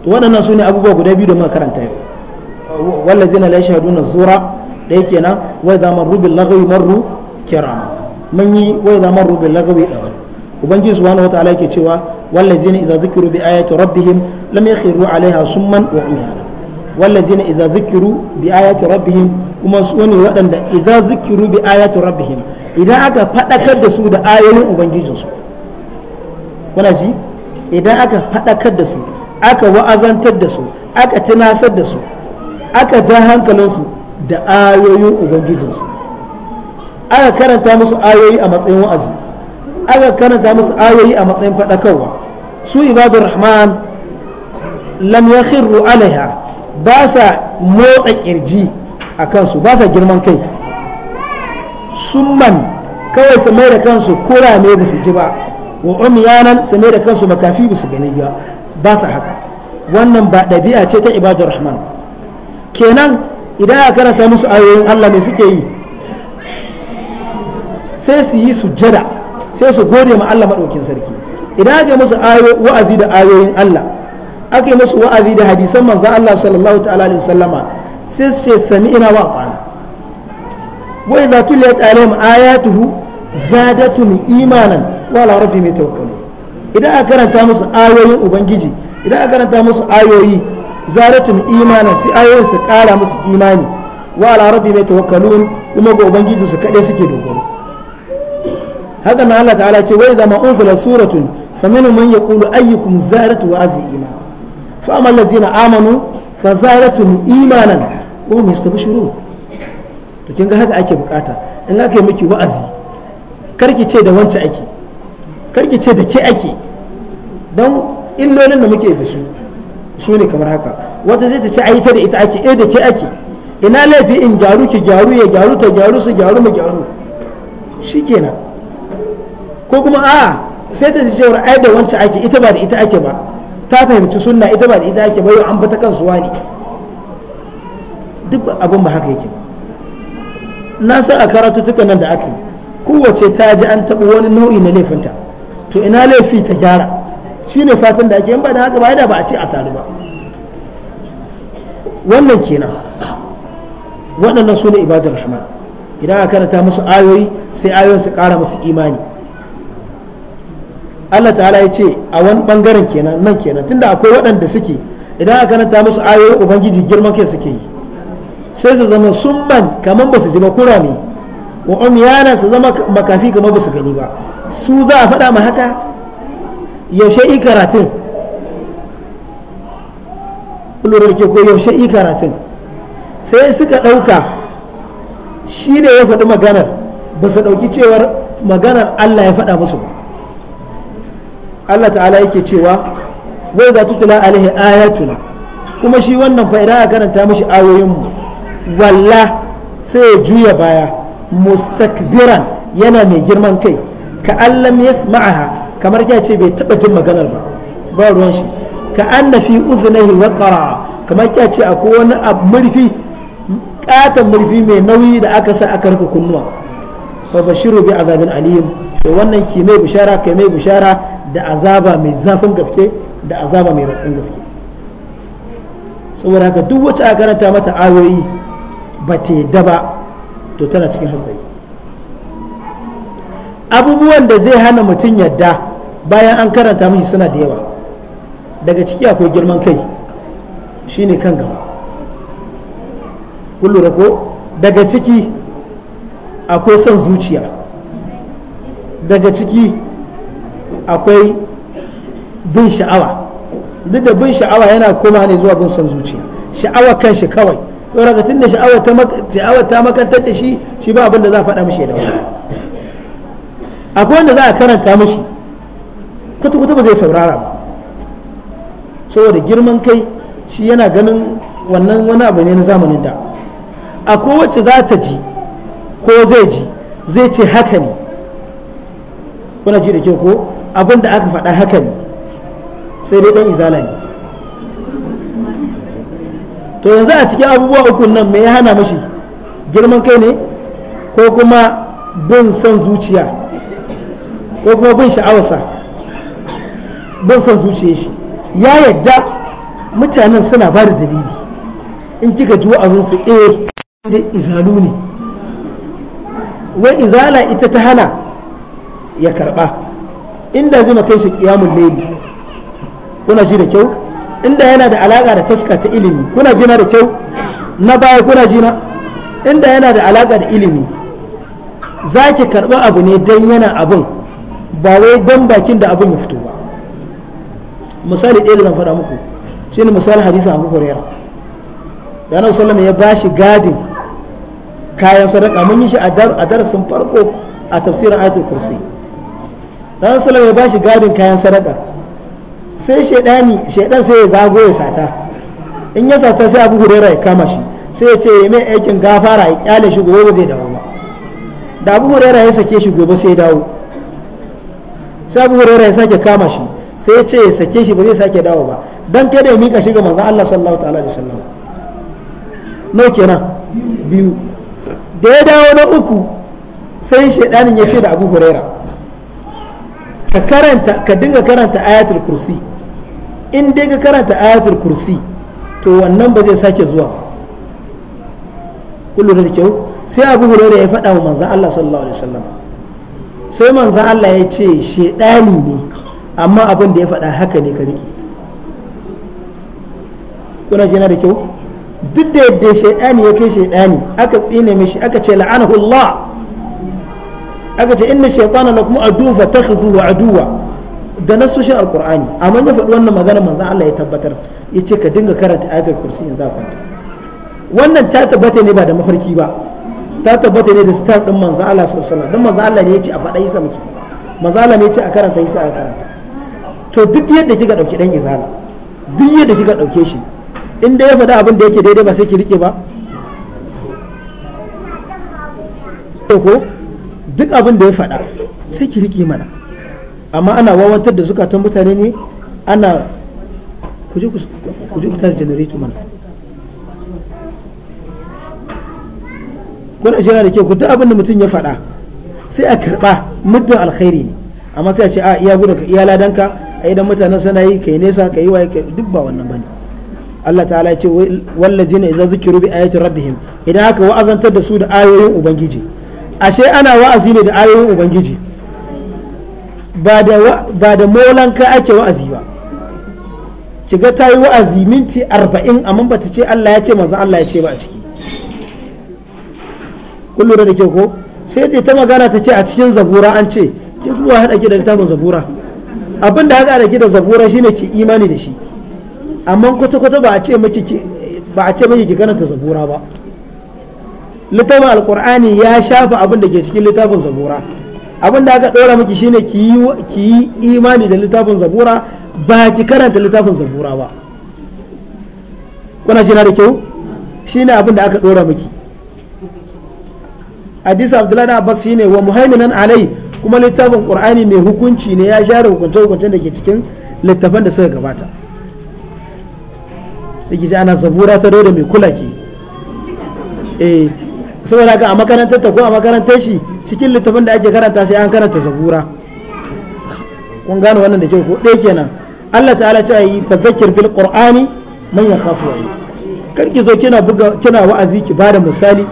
to waɗannan su ne abubuwa guda biyu da muka karanta yau wallazina la yashhaduna zura da yake nan wa idza marru bil lagwi marru kirama mun yi wai zama rubin lagawi da ubangiji subhanahu wataala yake cewa wallazina idza zikiru bi ayati rabbihim lam yakhiru alaiha summan wa umyana wallazina idza zukiru bi ayati rabbihim kuma su ne waɗanda idza zukiru bi ayati rabbihim idan aka faɗakar da su da ayoyin ubangijinsu kuna ji idan aka faɗakar da su aka wa'azantar da su aka tunasar da su aka ja hankalinsu da ayoyin ubangijinsu aka karanta musu ayoyi a matsayin wa'azi aka karanta musu ayoyi a matsayin faɗakarwa su ibadur rahman lam yakhiru alaiha ba sa motsa kirji a kansu ba sa girman kai summan kawai su mai da kansu ne ba su ji ba wa umyanan su mai da kansu makafi ba su gani ba ba sa haka wannan ba ɗabi'a ce ta ibadur rahman kenan idan aka karanta musu ayoyin Allah me suke yi sai su yi sujjada sai su gode ma Allah maɗaukin sarki idan aka musu wa'azi da ayoyin Allah aka yi musu wa'azi da hadisan manzan Allah sallallahu ta'ala alaihi wasallama sai su ce sami ina wa ta'ala wa idza tuliyat alaihim ayatuhu zadatum imanan wa ala mai yatawakkalun idan aka karanta musu ayoyin ubangiji idan aka karanta musu ayoyi zadatum imanan sai ayoyin su ƙara musu imani wa ala mai yatawakkalun kuma ga ubangiji su kaɗai suke dogaro haka na Allah ta'ala ce wai zama unzila suratun fa minhum man yaqulu ayyukum zaratu wa azi iman fa amma allazina amanu fa zaratun imanan wa hum yastabshirun to kin ga haka ake bukata in aka yi miki wa'azi karki ce da wancan ake karki ce da ke ake don illolin da muke da su su ne kamar haka wata sai ta ce ayi ta da ita ake eh da ke ake ina laifi in gyaru ki gyaru ya gyaru ta gyaru su gyaru mu gyaru shikenan ko kuma a sai ta ce cewar ai da wancan ake ita ba da ita ake ba ta fahimci sunna ita ba da ita ake ba yau an fata kansu wani duk abin ba haka yake na san a karatuttuka nan da aka yi kowace ta ji an taɓa wani nau'i na laifinta to ina laifi ta gyara shi ne fatan da ake yin ba da haka ba da ba a ce a taru ba wannan kenan waɗannan su ne ibadar rahman idan aka karanta musu ayoyi sai ayoyin su ƙara musu imani Allah ta'ala ya ce a wani bangaren kenan nan kenan tunda akwai waɗanda suke idan aka nanta musu ayoyin ubangiji girman kai suke yi sai su zama summan kamar ba su ji ba kura ne wa umyana su zama makafi kamar ba su gani ba su za a faɗa ma haka yaushe i karatun ke ko yaushe i karatun sai suka ɗauka shi ne ya faɗi maganar ba su ɗauki cewar maganar Allah ya faɗa musu ba Allah ta'ala yake cewa wai za tutula alaihi ayatuna kuma shi wannan fa idan aka karanta mishi ayoyinmu walla sai ya juya baya mustakbiran yana mai girman kai ka allam yasma'aha kamar ya ce bai taba jin maganar ba ba ruwan shi ka anna fi uzunihi waqara kamar ya ce akwai wani murfi katon murfi mai nauyi da aka sa aka rufe kunnuwa fa bashiru bi azabin alim to wannan ki mai bishara kai mai bishara da azaba mai zafin gaske da azaba mai raɗin gaske saboda haka duk wacce a karanta mata ayoyi ba ta yadda ba to tana cikin hatsari abubuwan da zai hana mutum yadda bayan an karanta mashi suna da yawa daga ciki akwai girman kai shine kan gaba kun ko daga ciki akwai son zuciya daga ciki akwai bin sha'awa duk da bin sha'awa yana koma ne zuwa bin son zuciya sha'awa kan shi kawai to daga tun da sha'awa ta makantar da shi shi ba abin da za a faɗa mishi da wani akwai wanda za a karanta mishi kutukutu ba zai saurara ba saboda girman kai shi yana ganin wannan wani abu ne na zamanin da akwai wacce za ta ji ko zai ji zai ce haka ne kuna ji da ke ko abin da aka faɗa haka ne sai dai ɗan izala ne to yanzu a cikin abubuwa uku nan me ya hana mashi girman kai ne ko kuma bin son zuciya ko kuma bin sha'awarsa bin son zuciya shi ya yadda mutanen suna ba da dalili in kika ji wa'azinsu eh da izalu ne wai izala ita ta hana ya karɓa inda zai kai shi kiyamun layli kuna ji da kyau inda yana da alaka da taska ta ilimi kuna ji da kyau na baya kuna ji na inda yana da alaka da ilimi za ki karɓi abu ne don yana abun ba wai don bakin da abun ya fito ba misali ɗaya da zan faɗa muku shi ne misali hadisin abu huraira da na musallama ya ba shi gadin kayan sadaka mun yi shi a darasin farko a tafsirin ayatul kursi dan salam ya bashi gadin kayan sadaka sai shaidani shaidan sai ya zago ya sata in ya sata sai abu hurera ya kama shi sai ya ce ya mai aikin gafara ya kyale shi gobe zai dawo ba da abu hurera ya sake shi gobe sai ya dawo sai abu hurera ya sake kama shi sai ya ce ya sake shi ba zai sake dawo ba dan kada ya mika shi ga manzon Allah sallallahu ta'ala alaihi wasallam no kenan biyu da ya dawo na uku sai shaidanin ya ce da abu hurera. ka karanta ka dinga karanta ayatul kursi in dai ka karanta ayatul kursi to wannan ba zai sake zuwa kullum da kyau sai abu hurairah ya faɗa wa manzan Allah sallallahu alaihi wasallam sai manzan Allah ya ce shedani ne amma abin da ya faɗa haka ne ka riƙe kuna jina da kyau duk da yadda shaidani ya kai shaidani aka tsine mishi aka ce la'anahu Allah aka ce inna shaytana lakum aduwwun fattakhidhuhu aduwwa da nasoshin alqur'ani amma ya faɗi wannan magana manzo Allah ya tabbatar yace ka dinga karanta ayatul kursi in za kwanta wannan ta tabbata ne ba da mafarki ba ta tabbata ne da star din manzo Allah sallallahu alaihi wasallam dan manzo Allah ne yace a faɗa isa miki manzo Allah ne yace a karanta isa a karanta to duk yadda kika dauki dan izala duk yadda kika dauke shi in da ya faɗa abin da yake daidai ba sai ki rike ba ko duk abin da ya faɗa sai ki riƙe mana amma ana wawantar da zukatan mutane ne ana kuje ku tare generator mana kuna jira da ke ku duk abin da mutum ya faɗa sai a karɓa muddin alkhairi ne amma sai a ce a iya gudun ka iya ladanka a idan mutanen sana yi ka yi nesa ka yi waye duk ba wannan bane Allah ta'ala ya ce wallazina idza zikiru bi ayati rabbihim idan haka wa'azantar da su da ayoyin ubangiji ashe ana wa'azi ne da ayoyin ubangiji ba da molanka ake wa'azi ba kiga ta yi wa'azi minti arba'in amma ba ta ce Allah ya ce manzo Allah ya ce ba a ciki kun da ke ko sai ta ta magana ta ce a cikin zabura an ce ki zuwa haɗa ki da littafin zabura abin da haɗa ki da zabura shine ki imani da shi amma kwata-kwata ba a ce miki ki karanta zabura ba littafin alkur'ani ya shafa abin da ke cikin littafin zabura abin da aka ɗora miki shine ki yi imani da littafin zabura ba ki karanta littafin zabura ba kuna shina da kyau shine abin da aka ɗora miki hadisi abdullahi abbas shine wa muhaiminan alai kuma littafin qur'ani mai hukunci ne ya share hukunce hukuncen da ke cikin littafan da suka gabata sai ki ji ana zabura ta dole mai kula ke saboda ga a makarantar ta ko a makarantar shi cikin littafin da ake karanta sai an karanta zabura kun gano wannan da kyau ko ɗaya kenan Allah ta'ala ta yi fadhakir bil qur'ani man yakhafu kar ki zo kina buga kina wa'azi ki bada misali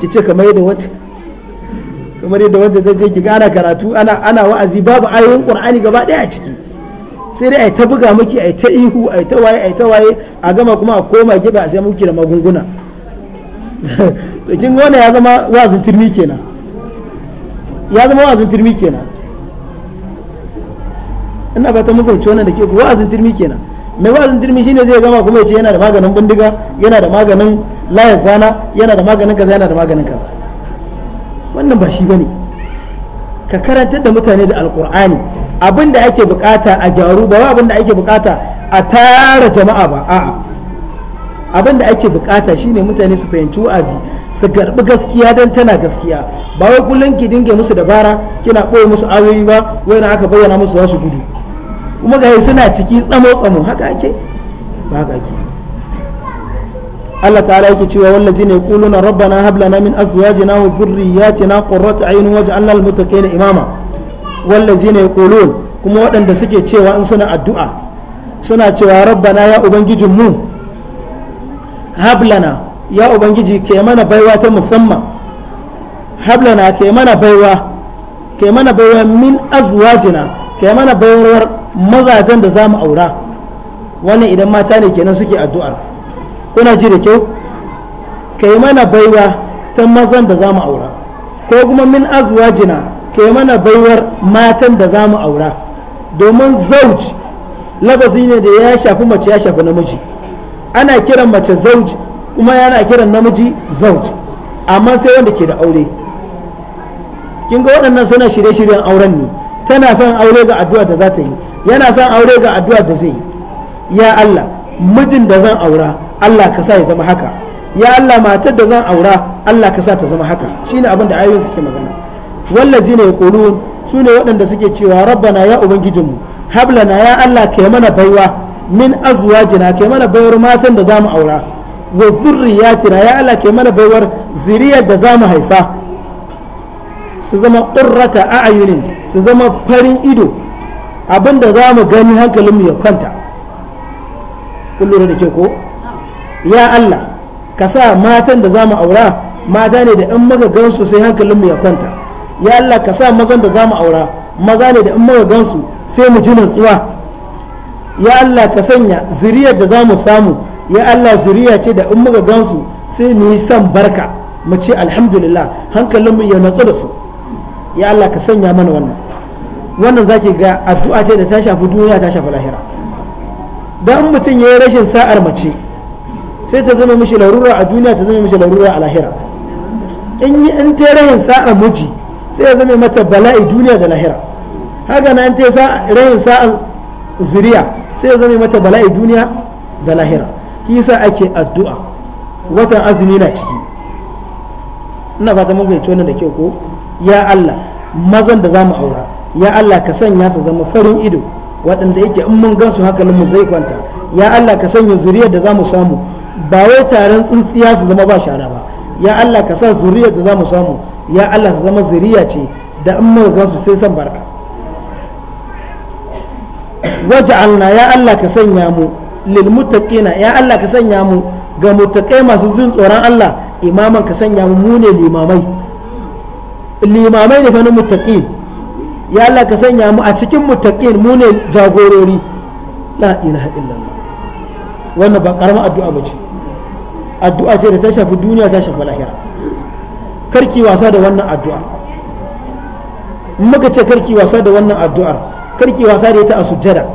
ki ce kamar yadda wata kamar yadda wata ta je ki ga ana karatu ana ana wa'azi babu ayoyin qur'ani gaba ɗaya a ciki sai dai a ta buga miki a ta ihu a ta waye a ta waye a gama kuma a koma gida a sai muke da magunguna to kin wannan ya zama wazin turmi kenan ya zama wazin turmi kenan ina ba ta mafarci wannan da ke ku wa'azin turmi kenan mai wa'azin turmi shine zai gama kuma ya ce yana da maganin bindiga yana da maganin layin sana yana da maganin kaza yana da maganin kaza wannan ba shi bane ka karantar da mutane da alkur'ani abin da ake bukata a gyaru ba wa abin da ake bukata a tara jama'a ba a'a abin da ake bukata shine mutane su fahimci wa'azi su karbi gaskiya dan tana gaskiya ba wai kullum ki dinga musu dabara kina ɓoye musu ayoyi ba wai na aka bayyana musu wasu gudu kuma ga suna ciki tsamo tsamo haka ake ba haka ake Allah ta'ala yake cewa ne kuluna rabbana hab lana min azwajina wa dhurriyyatina qurrata waje waj'alna lil muttaqina imama ne kulun kuma waɗanda suke cewa in suna addu'a suna cewa rabbana ya ubangijin mu hab ya ubangiji ke mana baiwa ta musamman hablana ke mana baiwa ke mana baiwa min azwajina ke mana baiwar mazajen da za mu aura wannan idan mata ne kenan suke addu'ar kuna ji da kyau ke mana baiwa ta mazan da za mu aura ko kuma min azwajina ke mana baiwar matan da za mu aura domin zauj labazi ne da ya shafi mace ya shafi namiji ana kiran mace zauj kuma yana kiran namiji zauj amma sai wanda ke da aure kin ga waɗannan suna shirye-shiryen auren ne tana son aure ga addu'a da za ta yi yana son aure ga addu'a da zai yi ya Allah mijin da zan aura Allah ka sa ya zama haka ya Allah matar da zan aura Allah ka sa ta zama haka shine abin da ayoyin suke magana wallazina su sune waɗanda suke cewa rabbana ya ubangijinmu hablana ya Allah kai mana baiwa min azwajina kai mana baiwar matan da zamu aura wa zurriyatina ya Allah ke mana baiwar zuriyar da za mu haifa su zama ƙurrata a'ayunin su zama farin ido abinda za mu gani hankalinmu ya kwanta kullum da ke ko ya Allah ka sa matan da za mu aura mata ne da in maka gansu sai hankalinmu ya kwanta ya Allah ka sa mazan da za mu aura maza ne da in maka gansu sai mu ji natsuwa ya Allah ka sanya zuriyar da za mu samu ya Allah zuriya ce da in muka gansu sai mu yi san barka mu ce alhamdulillah hankalinmu ya natsu da su ya Allah ka sanya mana wannan wannan zaki ga addu'a ce da ta shafi duniya ta shafi lahira dan mutum ya yi rashin sa'ar mace sai ta zama mishi larura a duniya ta zama mishi larura a lahira in yi in ta rahin sa'ar miji sai ya zama mata bala'i duniya da lahira haka na in ta rahin sa'ar zuriya sai ya zama mata bala'i duniya da lahira yasa ake addu'a watan azumi na ciki ina fata mun fahimci wannan da kyau ko ya Allah mazan da zamu aura ya Allah ka sanya su zama farin ido waɗanda yake in mun gansu hankalinmu zai kwanta ya Allah ka sanya zuriyar da zamu samu ba wai taron tsintsiya su zama ba shara ba ya Allah ka sa zuriyar da zamu samu ya Allah su zama zuriya ce da in mun gansu sai san barka waja'alna ya Allah ka sanya mu lil ya Allah ka sanya mu ga muttaqai masu jin tsoron Allah imaman ka sanya mu mu ne limamai limamai ne fanin na ya Allah ka sanya mu a cikin muttaqin mu ne jagorori la ilaha illallah wannan ba karamar addu'a bace addu'a ce da ta shafi duniya ta shafi lahira karki wasa da wannan addu'a muka ce karki wasa da wannan addu'ar karki wasa da ita a sujjada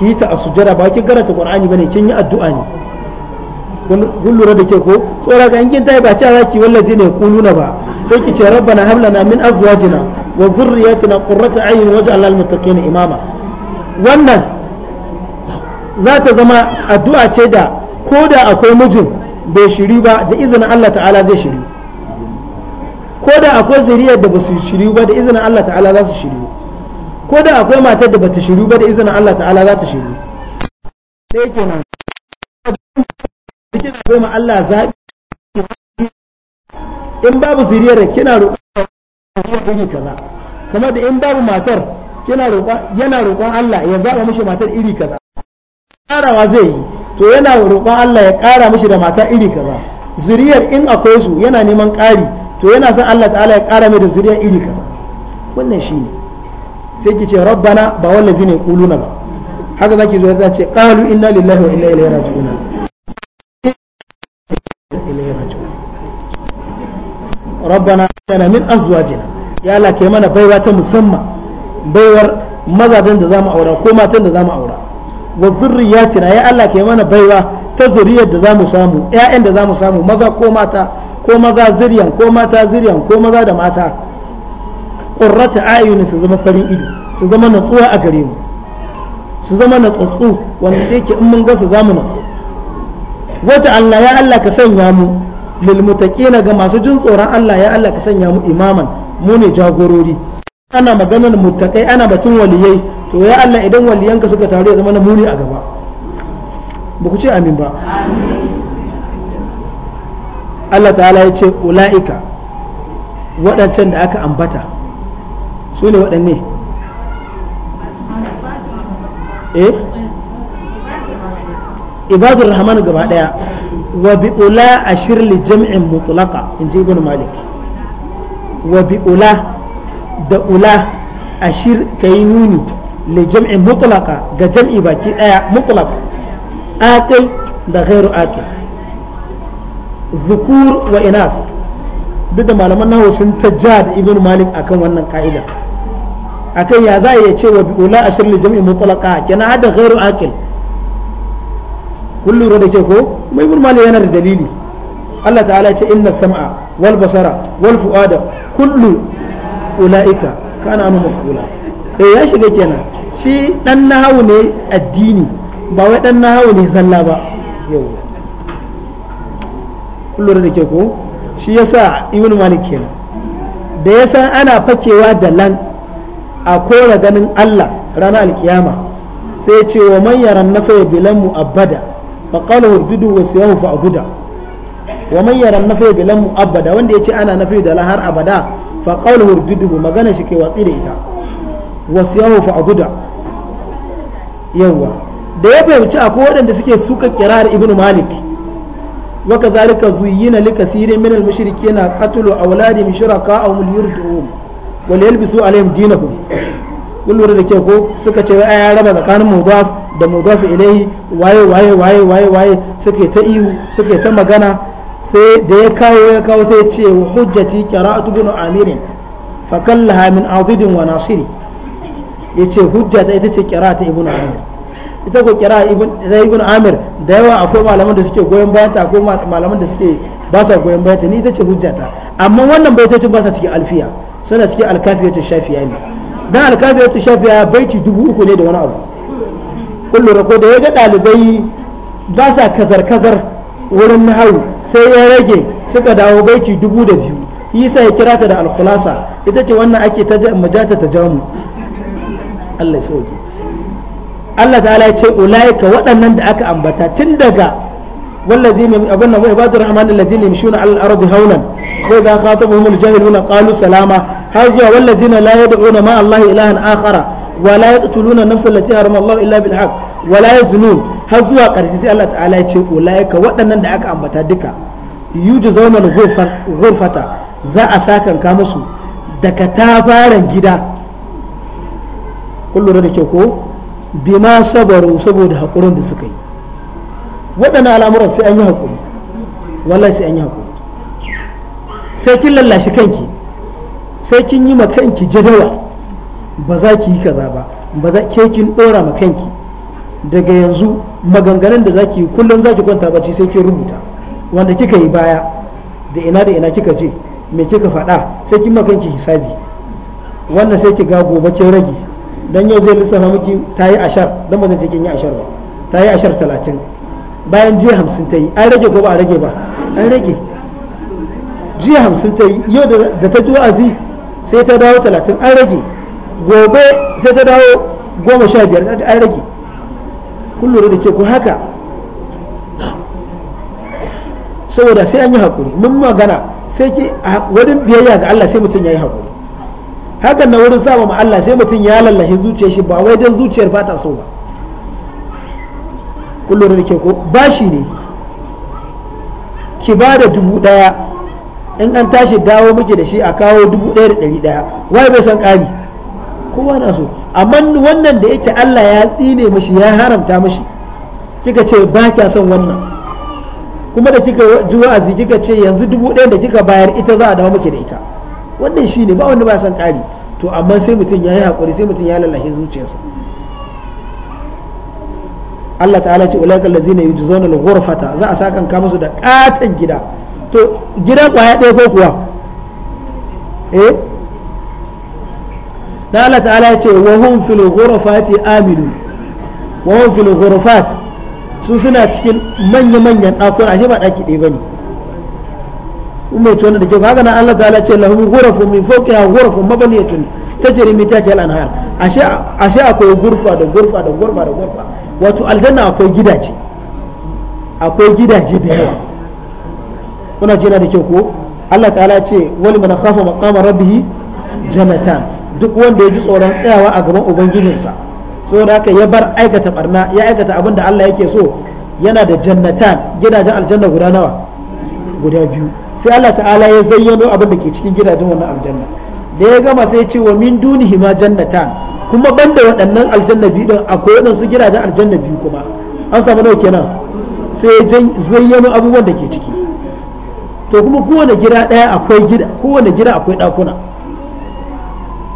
ki yi ta a sujjara ba kin karanta qur'ani bane kin yi addu'a ne kun lura da ke ko tsora ga kin tayi ba cewa zaki wallahi ne kuluna ba sai ki ce rabbana hab lana min azwajina wa dhurriyyatina qurrata ayun waj'al lil muttaqina imama wannan za ta zama addu'a ce da ko da akwai mijin bai shiri ba da izinin Allah ta'ala zai shiri ko da akwai zuriyar da ba su shiri ba da izinin Allah ta'ala za su shiri ko da akwai matar da ba ta shiru ba da izinin Allah ta'ala za ta shiru ɗaya kenan kina goma Allah zaɓi in babu zuriyar kina roƙa iri kaza kamar da in babu matar kina roƙa yana roƙon Allah ya zaɓa mishi matar iri kaza ƙarawa zai yi to yana roƙon Allah ya ƙara mishi da mata iri kaza zuriyar in akwai su yana neman ƙari to yana son Allah ta'ala ya ƙara mai da zuriyar iri kaza wannan shine sai ki ce rabbana ba wallazi ne kuluna ba haka zaki zo ta ce qalu inna lillahi wa inna ilaihi raji'un rabbana kana min azwajina ya Allah kai mana baiwa ta musamman baiwar mazajen da zamu aura ko matan da zamu aura wa zurriyatina ya Allah kai mana baiwa ta zuriyar da zamu samu ƴaƴan da zamu samu maza ko mata ko maza zuriyan ko mata zuriyan ko maza da mata qurrata ayuni su zama farin ido su zama natsuwa a gare mu su zama natsatsu wanda yake in mun gasa zamu natsu wata Allah ya Allah ka sanya mu lil na ga masu jin tsoron Allah ya Allah ka sanya mu imaman mu ne jagorori ana maganar muttaqai ana batun waliyai to ya Allah idan waliyanka suka taru ya zama na muni a gaba ba ku ce amin ba Allah ta'ala ya ce ula'ika waɗancan da aka ambata su ne waɗanne eh ibadur rahman gaba daya wa bi ula ashir li jam'in mutlaqa in ji ibn malik wa bi ula da ula ashir kai nuni li jam'in mutlaqa ga jam'i baki ɗaya mutlaq akil da ghairu aqil zukur wa inath duk da malaman nahu sun ta ja da ibn malik akan wannan ka'idar akan ya za ya ce wa bi'ula ashir li jam'i mutlaqa kenan hada ghairu aqil kullu da ke ko mai ibn malik yana da dalili Allah ta'ala ce inna sam'a wal basara wal fuada kullu ulaika kana anu mas'ula eh ya shiga kenan shi dan nahawu ne addini ba wai dan nahawu ne zalla ba yau kullu da ke ko shi sa ibn malik kenan da ya san ana fakewa da lan a kora ganin Allah ranar alkiyama sai ya ce wa man yaran nafaya bilan abada fa qala hurdudu wa siyahu fa abuda wa man yaran nafaya bilan mu abada wanda ya ce ana nafi da lan har abada fa qala hurdudu magana shi ke watsi da ita wa siyahu fa abuda yawa da ya fahimci akwai waɗanda suke suka kirar ibn malik وكذلك زين لكثير من المشركين قتل أولادهم شركاءهم ليردوهم وليلبسوا عليهم دينهم kun lura da kyau ko suka ce ai ya raba tsakanin mudaf da mudaf ilai waye waye waye waye waye ta ta magana sai da ya kawo ya kawo sai ya ce wa hujjati qira'atu ibn amirin fa wa nasiri yace hujjata ita ce qira'atu ibn amir ita ko kira ibn amir da yawa akwai malaman da suke goyon bayan ta akwai malaman da suke ba sa goyon bayan ta ni ita ce hujjata amma wannan baitocin ba sa cikin alfiya suna cikin alkafiyatu shafiya ne dan alkafiyatu shafiya baiti dubu uku ne da wani abu kullu rako da ya ga dalibai ba sa kazar kazar wurin nahawu sai ya rage suka dawo baiti dubu da biyu isa ya kira ta da alkhulasa ita ce wannan ake ta majata ta jamu Allah ya sauke Allah ta'ala ya ce ulaika waɗannan da aka ambata tun salama har zuwa ilahan akhara wa la yaqtuluna nafsa allati harama Allah har zuwa karshe sai Allah ta'ala ya ce ulaika waɗannan aka ambata duka yujzauna al ghurfata za a sakan ka musu daga gida kullu kyau ko bima sabaru saboda haƙurin da suka yi waɗannan al'amuran sai an yi haƙuri wallahi sai an yi haƙuri sai kin lallashi kanki sai kin yi ma kanki jadawa ba za ki yi kaza ba ba za ke kin ɗora ma kanki daga yanzu maganganun da za ki yi kullum za ki kwanta bacci sai kin rubuta wanda kika yi baya da ina da ina kika je me kika faɗa sai kin ma hisabi wannan sai ki ga gobe kin rage dan yau zai lissafa miki ta yi ashar dan ba zan ce kin yi ashar ba ta yi ashar talatin bayan jiya hamsin ta yi an rage ko ba a rage ba an rage jiya hamsin ta yi yau da ta ji azi sai ta dawo talatin an rage gobe sai ta dawo goma sha biyar an rage kun da ke ku haka saboda sai an yi haƙuri mun magana sai ki wajen biyayya ga Allah sai mutum ya yi haƙuri hakan na wurin saba ma Allah sai mutum ya lallahi zuciya shi ba wai dan zuciyar ba ta so ba kullum da ke ko bashi ne ki ba dubu daya in an tashi dawo muke da shi a kawo dubu daya da dari daya wai bai san kari kowa na so amma wannan da yake Allah ya tsine mishi ya haramta mishi kika ce ba kya son wannan kuma da kika ji wa'azi kika ce yanzu dubu daya da kika bayar ita za a dawo muke da ita wannan shi ne ba wanda ba san ƙari to amma sai mutum ya yi haƙuri sai mutum ya lalace zuciyarsa Allah ta'ala ce ulaika allazina yujzauna al-ghurfata za a sakan ka musu da katan gida to gida kwaya ɗaya ko kuwa eh da Allah ta'ala ya ce wa hum fil ghurfati aminu wa hum fil ghurfat su suna cikin manya-manyan ɗakuna ashe ba ɗaki ɗaya bane kun bai tona da kyau kaga nan Allah ta'ala ce lahum ghurafun min fawqiha ghurafun mabaniyatun tajri min tahtiha al-anhar ashe ashe akwai gurfa da gurfa da gurfa da gurfa wato aljanna akwai gidaje akwai gidaje da yawa kuna jira da kyau ko Allah ta'ala ce wal man khafa maqama rabbih janata duk wanda ya ji tsoron tsayawa a gaban ubangijinsa saboda haka ya bar aikata barna ya aikata abin da Allah yake so yana da jannatan gidajen aljanna guda nawa guda biyu sai Allah ta'ala ya zayyano abin da ke cikin gidajen wannan aljanna da ya gama sai ce wa min dunihi ma jannata kuma banda waɗannan aljanna biyu din akwai waɗansu gidajen aljanna biyu kuma an samu nawa kenan sai ya zayyano abubuwan da ke ciki to kuma kowane gida ɗaya akwai gida kowane gida akwai ɗakuna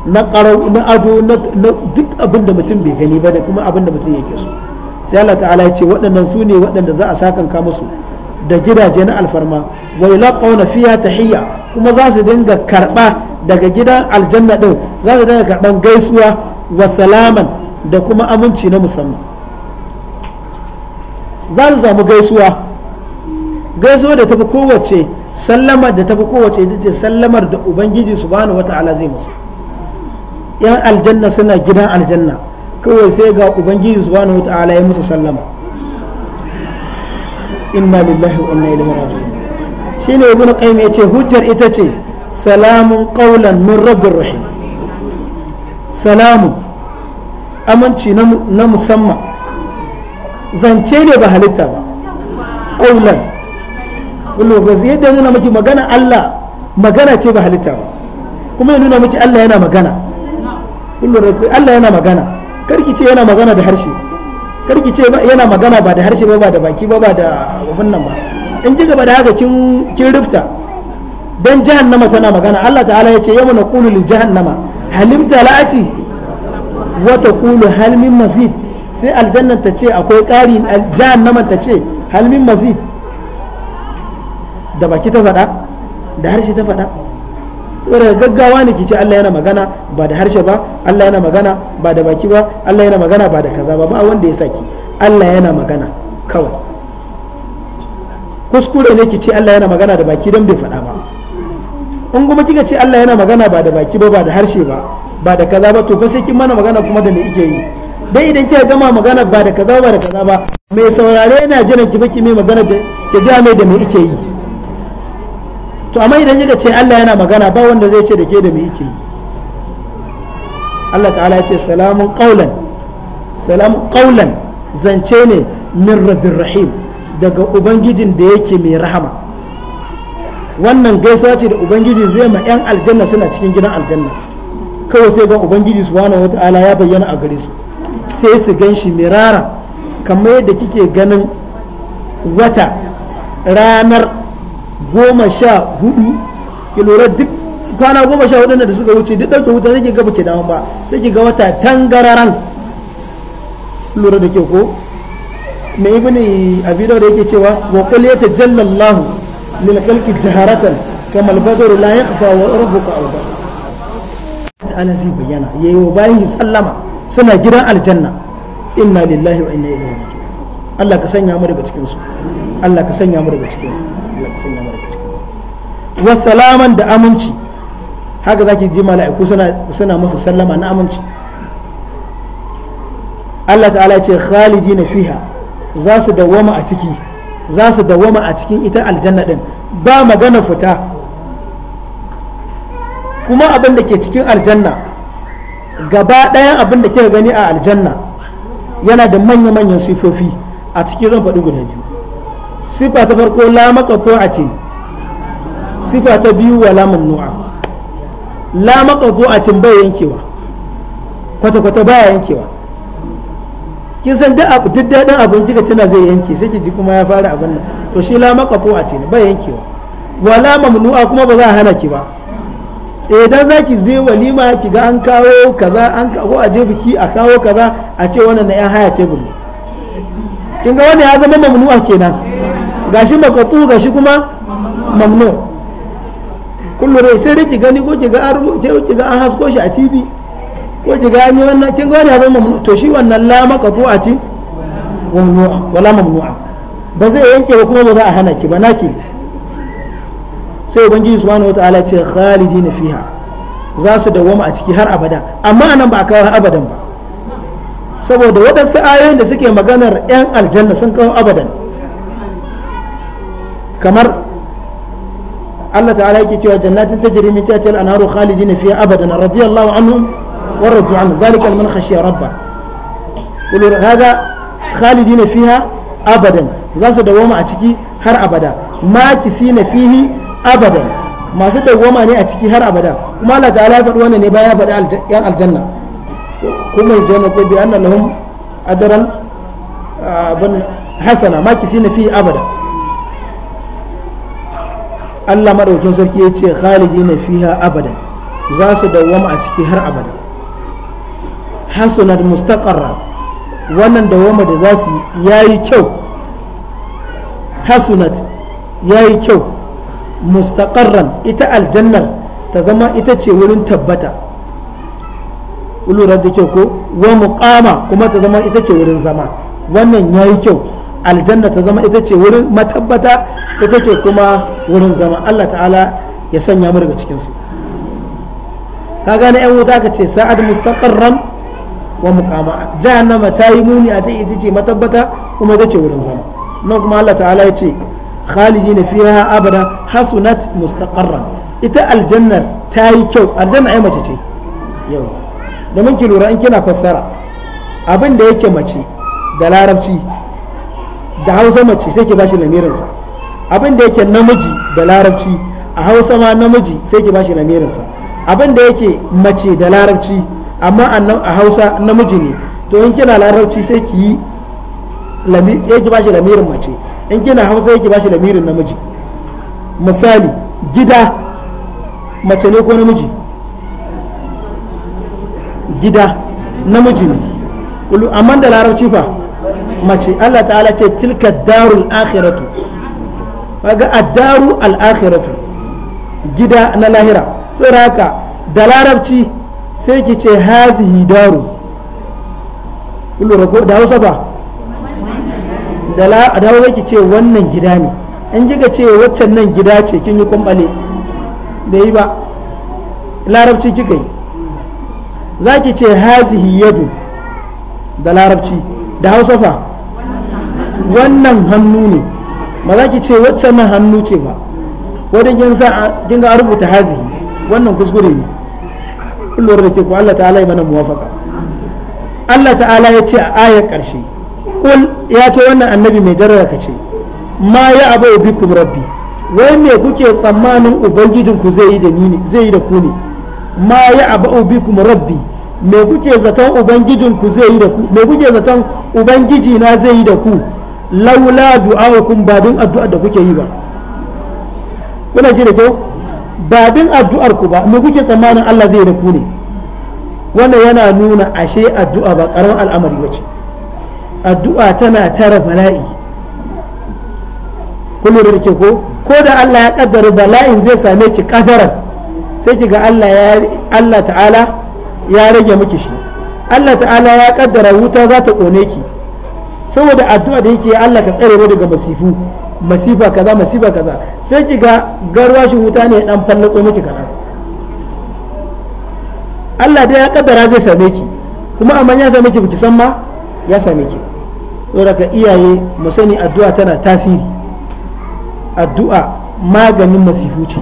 na ƙarau na ado na duk abin da mutum bai gani ba da kuma abin da mutum yake so sai Allah ta'ala ya ce waɗannan su ne waɗanda za a sakanka musu da gidaje na alfarma wa yulqawna fiha tahiyya kuma za su dinga karba daga gidan aljanna din za su dinga karban gaisuwa wa salaman da kuma aminci na musamman za su samu gaisuwa gaisuwa da tafi kowace sallamar da tafi kowace ita ce sallamar da ubangiji subhanahu wata'ala zai musu yan aljanna suna gidan aljanna kawai sai ga ubangiji subhanahu wata'ala ya musu sallama inna lillahi wa inna ilaihi raji'un shine ibn qayyim yace hujjar ita ce salamun qawlan min rabbir rahim salamun aminci na musamman zance ne ba halitta ba qawlan kullu ba zai yadda nuna miki magana Allah magana ce ba halitta ba kuma ya nuna miki Allah yana magana kullu Allah yana magana karki ce yana magana da harshe karki ce yana magana ba da harshe ba ba da baki ba ba da abin nan ba in ji gaba da haka kin kin rufta dan jahannama tana magana Allah ta'ala ya ce Kulu na qulu lil jahannama halim talati wa taqulu hal min mazid sai aljanna ta ce akwai ƙari jahannama ta ce hal min mazid da baki ta faɗa da harshe ta faɗa saboda gaggawa ne ce Allah yana magana ba da harshe ba Allah yana magana ba da baki ba Allah yana magana ba da kaza ba ba wanda ya saki Allah yana magana kawai kuskure ne ce Allah yana magana da baki don bai faɗa ba in kuma kika ce Allah yana magana ba da baki ba ba da harshe ba ba da kaza ba to fa sai kin mana magana kuma da me ike yi dai idan kika gama magana ba da kaza ba da kaza ba mai saurare yana jiran ki baki mai magana da ki ga mai da me ike yi to amma idan kika ce Allah yana magana ba wanda zai ce da ke da me yake yi Allah ta'ala ya ce salamun qaulan salamun qaulan zance ne min rabbir rahim daga ubangijin da yake mai rahama wannan gaisuwa ce da ubangiji zai ma yan aljanna suna cikin gidan aljanna kawai sai ga ubangiji subhanahu wata'ala ya bayyana a gare su sai su gan shi mirara kamar yadda kike ganin wata ranar goma sha hudu ki lura duk kwana goma sha hudu da suka wuce duk ɗauke wuta sai ki ga ba ke damu ba sai ki ga wata tangararan lura da ke ko mai ibini a bidon da yake cewa wa qul ta Allah lil khalqi jaharatan kama al-badru la yakhfa wa rabbuka awda ta'ala zai bayyana yayi wa yi sallama suna gidan aljanna inna lillahi wa inna ilaihi raji'un Allah ka sanya mu daga cikin su Allah ka sanya mu daga cikinsu Allah ka sanya mu daga su wa salaman da aminci haka zaki ji mala'iku suna suna musu sallama na aminci Allah ta'ala ce khalidina fiha za su dawwama a ciki za su dawwama a cikin ita aljanna din ba magana fita kuma abin da ke cikin aljanna gaba daya abin da kika gani a aljanna yana da manya-manyan sifofi a cikin zan faɗi guda biyu sifa ta farko la ce sifa ta biyu wala mamnu'a la maqtu'atin bai yankewa kwata kwata baya yankewa kin san da abu duk dadin abin kika tana zai yanke sai ki ji kuma ya fara abin nan to shi la maqtu'atin bai yankewa wala mamnu'a kuma ba za a hana ki ba idan eh, za ki zai walima ki ga an kawo kaza an kawo a je biki a kawo kaza a ce wannan na yan haya ce kin ga wannan ya zama mamnu'a kenan gashi makatu gashi kuma mamnu kullum sai dai ki gani ko ki ga an ce ki ga an hasko shi a tv ko ki ga an yi wannan kin ga wani abin mamnu to shi wannan la ti mamnu'a wala mamnu'a ba zai yanke ba kuma ba za a hana ki ba naki sai ubangiji subhanahu wataala ce khalidina fiha za su dawwama a ciki har abada amma anan ba a kawo abadan ba saboda waɗansu ayoyin da suke maganar 'yan aljanna sun kawo abadan kamar Allah ta'ala yake cewa jannatin ta tajri min tahtiha al-anharu khalidin fiha abadan radiyallahu anhum wa radu an zalika liman khashiya rabba kullu hada khalidin fiha abadan za su dawoma a ciki har abada ma kisina fihi abadan masu dawoma ne a ciki har abada kuma Allah ta'ala ya faɗi wannan ne bayan faɗi yan aljanna kuma janna ko bi anna lahum ajran abun hasana ma kisina fihi abada Allah madaukin sarki ya ce na fiha abada za su dawwama a ciki har abada hasunar mustaqarra wannan dawwama da za su yi kyau hasunat yayi kyau mustaqarran ita aljannar ta zama ita ce wurin tabbata lura da kyau ko wa muqama kuma ta zama ita ce wurin zama wannan ya yi kyau aljanna ta zama ita ce wurin matabbata ita ce kuma wurin zama Allah ta'ala ya sanya mu daga cikinsu ka gane yan wuta ka ce sa'ad mustaqarran wa muqama jahannama ta yi muni a ita ce matabbata kuma ita ce wurin zama nan kuma Allah ta'ala ya ce khalidina fiha abada hasunat mustaqarran ita aljanna ta yi kyau aljanna ai mace ce yau da mun ki lura in kina fassara abin da yake mace da larabci da hausa mace sai ki bashi lamirinsa abin da yake namiji da larabci a hausa ma namiji sai ki bashi lamirinsa abin da yake mace da larabci amma a hausa namiji ne to in kina larabci sai ki yi yake bashi lamirin mace in kina hausa yake bashi lamirin namiji misali gida mace ne ko namiji gida namiji ne amma da larabci fa mace Allah ta'ala ce tilka darul akhiratu kaga addaru al akhiratu gida na lahira saboda haka da larabci sai ki ce hadhihi daru kullu ko da Hausa ba da la da Hausa ki ce wannan gida ne in kika ce waccan nan gida ce kin yi kumbale da yi ba larabci kika yi za ki ce hadhihi yadu da larabci da hausa fa wannan hannu ne ba za ki ce wacce nan hannu ce ba wajen yin sa kin ga rubuta hadhihi wannan kuskure ne kullum da ke ku Allah ta'ala ya mana muwafaka Allah ta'ala ya ce a ayar karshe kul ya ce wannan annabi mai daraja ka ce ma ya abu bikum rabbi wai me kuke tsammanin ubangijin ku zai yi da ni zai yi da ku ne ma ya abu bikum rabbi me kuke zaton ubangijin ku zai yi da ku me kuke zaton ubangiji na zai yi da ku laula du'a'ukum ba din addu'ar da kuke yi ba kuna shi da kyau babin din addu'ar ku ba me kuke tsammanin Allah zai da ku ne wannan yana nuna ashe addu'a ba karamin al'amari bace addu'a tana tara bala'i kun da ke ko ko da Allah ya kaddara bala'in zai same ki kafara sai ki ga Allah ya Allah ta'ala ya rage miki shi Allah ta'ala ya kaddara wuta za ta kone ki saboda addu'a da yake Allah ka tsare mu daga masifu masifa kaza masifa kaza sai ki ga garwashin wuta ne dan fallatso miki kana Allah dai ya kaddara zai same ki kuma amma ya same ki biki san ma ya same ki saboda ka iyaye mu sani addu'a tana tasiri addu'a maganin masifu ce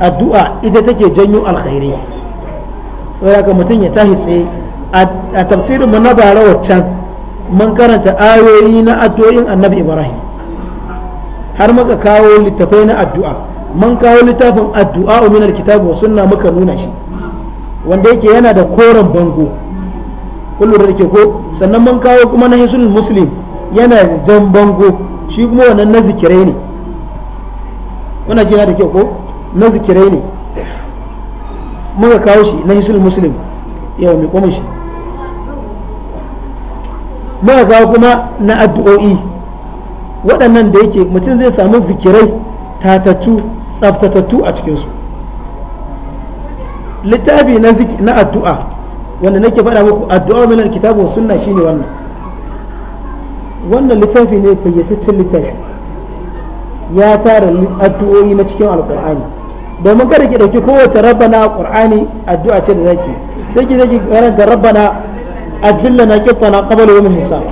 addu'a ita take janyo alkhairi saboda mutum ya tahi tsaye a tafsirin mu na bara waccan mun karanta ayoyi na addu'o'in annabi ibrahim har muka kawo littafai na addu'a mun kawo littafin addu'a min alkitabi wa sunna muka nuna shi wanda yake yana da koren bango kullu da ke ko sannan mun kawo kuma na hisul muslim yana da jan bango shi kuma wannan na zikirai ne kuna jina da ke ko na zikirai ne muka kawo shi na hisul muslim yau mai kuma shi muka kawo kuma na addu'o'i waɗannan da yake mutum zai samu zikirai tatattu tsaftatattu a cikinsu littafi na addu'a wanda nake faɗa muku addu'a min kitabu sunna shine wannan wannan littafi ne fayyataccen littafi ya tara addu'o'i na cikin alkur'ani domin kada ki ɗauki kowace rabbana a ƙur'ani addu'a ce da zaki sai ki zaki karanta rabbana Ajilla na qittana qabala yawm hisab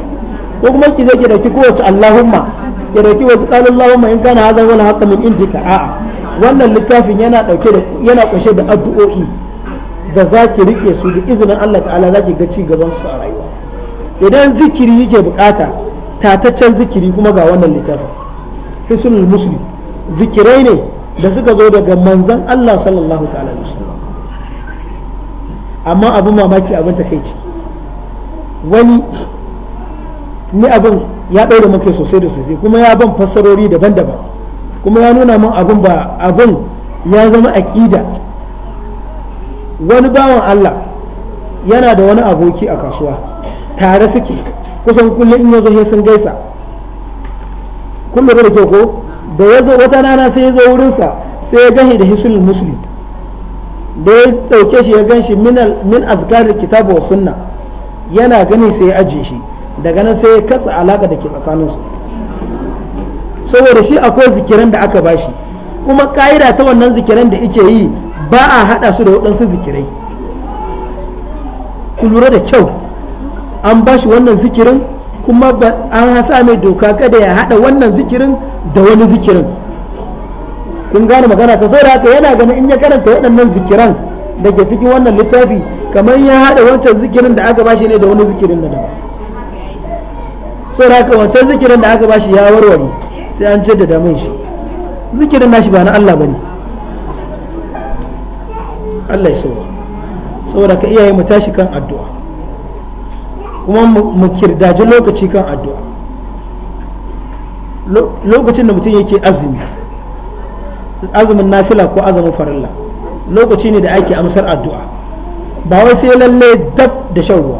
ko kuma ki zai daki ko kowace allahumma ki dauki wa qala in kana hadha wala haqqa min indika a'a wannan littafin yana dauke da yana kunshe da addu'o'i da zaki rike su da izinin Allah ta'ala zaki ga ci gaban su a rayuwa idan zikiri yake bukata tataccen zikiri kuma ga wannan littafin hisnul muslim zikirai ne da suka zo daga manzon Allah sallallahu ta'ala alaihi amma abin mamaki abin ciki wani ni abin ya ɗaure muke sosai da sosai kuma ya ban fassarori daban-daban kuma ya nuna min abin ba abin ya zama aƙida wani bawan Allah yana da wani aboki a kasuwa tare suke kusan kullum in ya zo sun gaisa kun da ke ko da ya zo wata rana sai ya zo wurinsa sai ya gani da hisul muslim da ya ɗauke shi ya gan shi min azkarin kitabu wa sunna yana gani sai ya ajiye shi daga nan sai ya katsa alaka da ke su saboda shi akwai zikiran da aka bashi kuma ka'ida ta wannan zikiran da ike yi ba a hada su da waɗansu zikirai ku lura da kyau an bashi wannan zikirin kuma an hasa mai doka kada ya hada wannan zikirin da wani zikirin kun gane magana ta saboda haka yana ganin in ya karanta waɗannan zikiran da ke cikin wannan littafi kamar ya haɗa wancan zikirin da aka bashi ne da wani zikirin na daban saboda haka wancan zikirin da aka bashi ya warware sai an jaddada mun shi zikirin nashi ba na Allah bane Allah ya sauwa saboda ka iyaye mu tashi kan addu'a kuma mu kirdaji lokaci kan addu'a lokacin da mutum yake azumi azumin nafila ko azumin farilla lokaci ne da ake amsar addu'a ba wai sai lalle dab da shan ruwa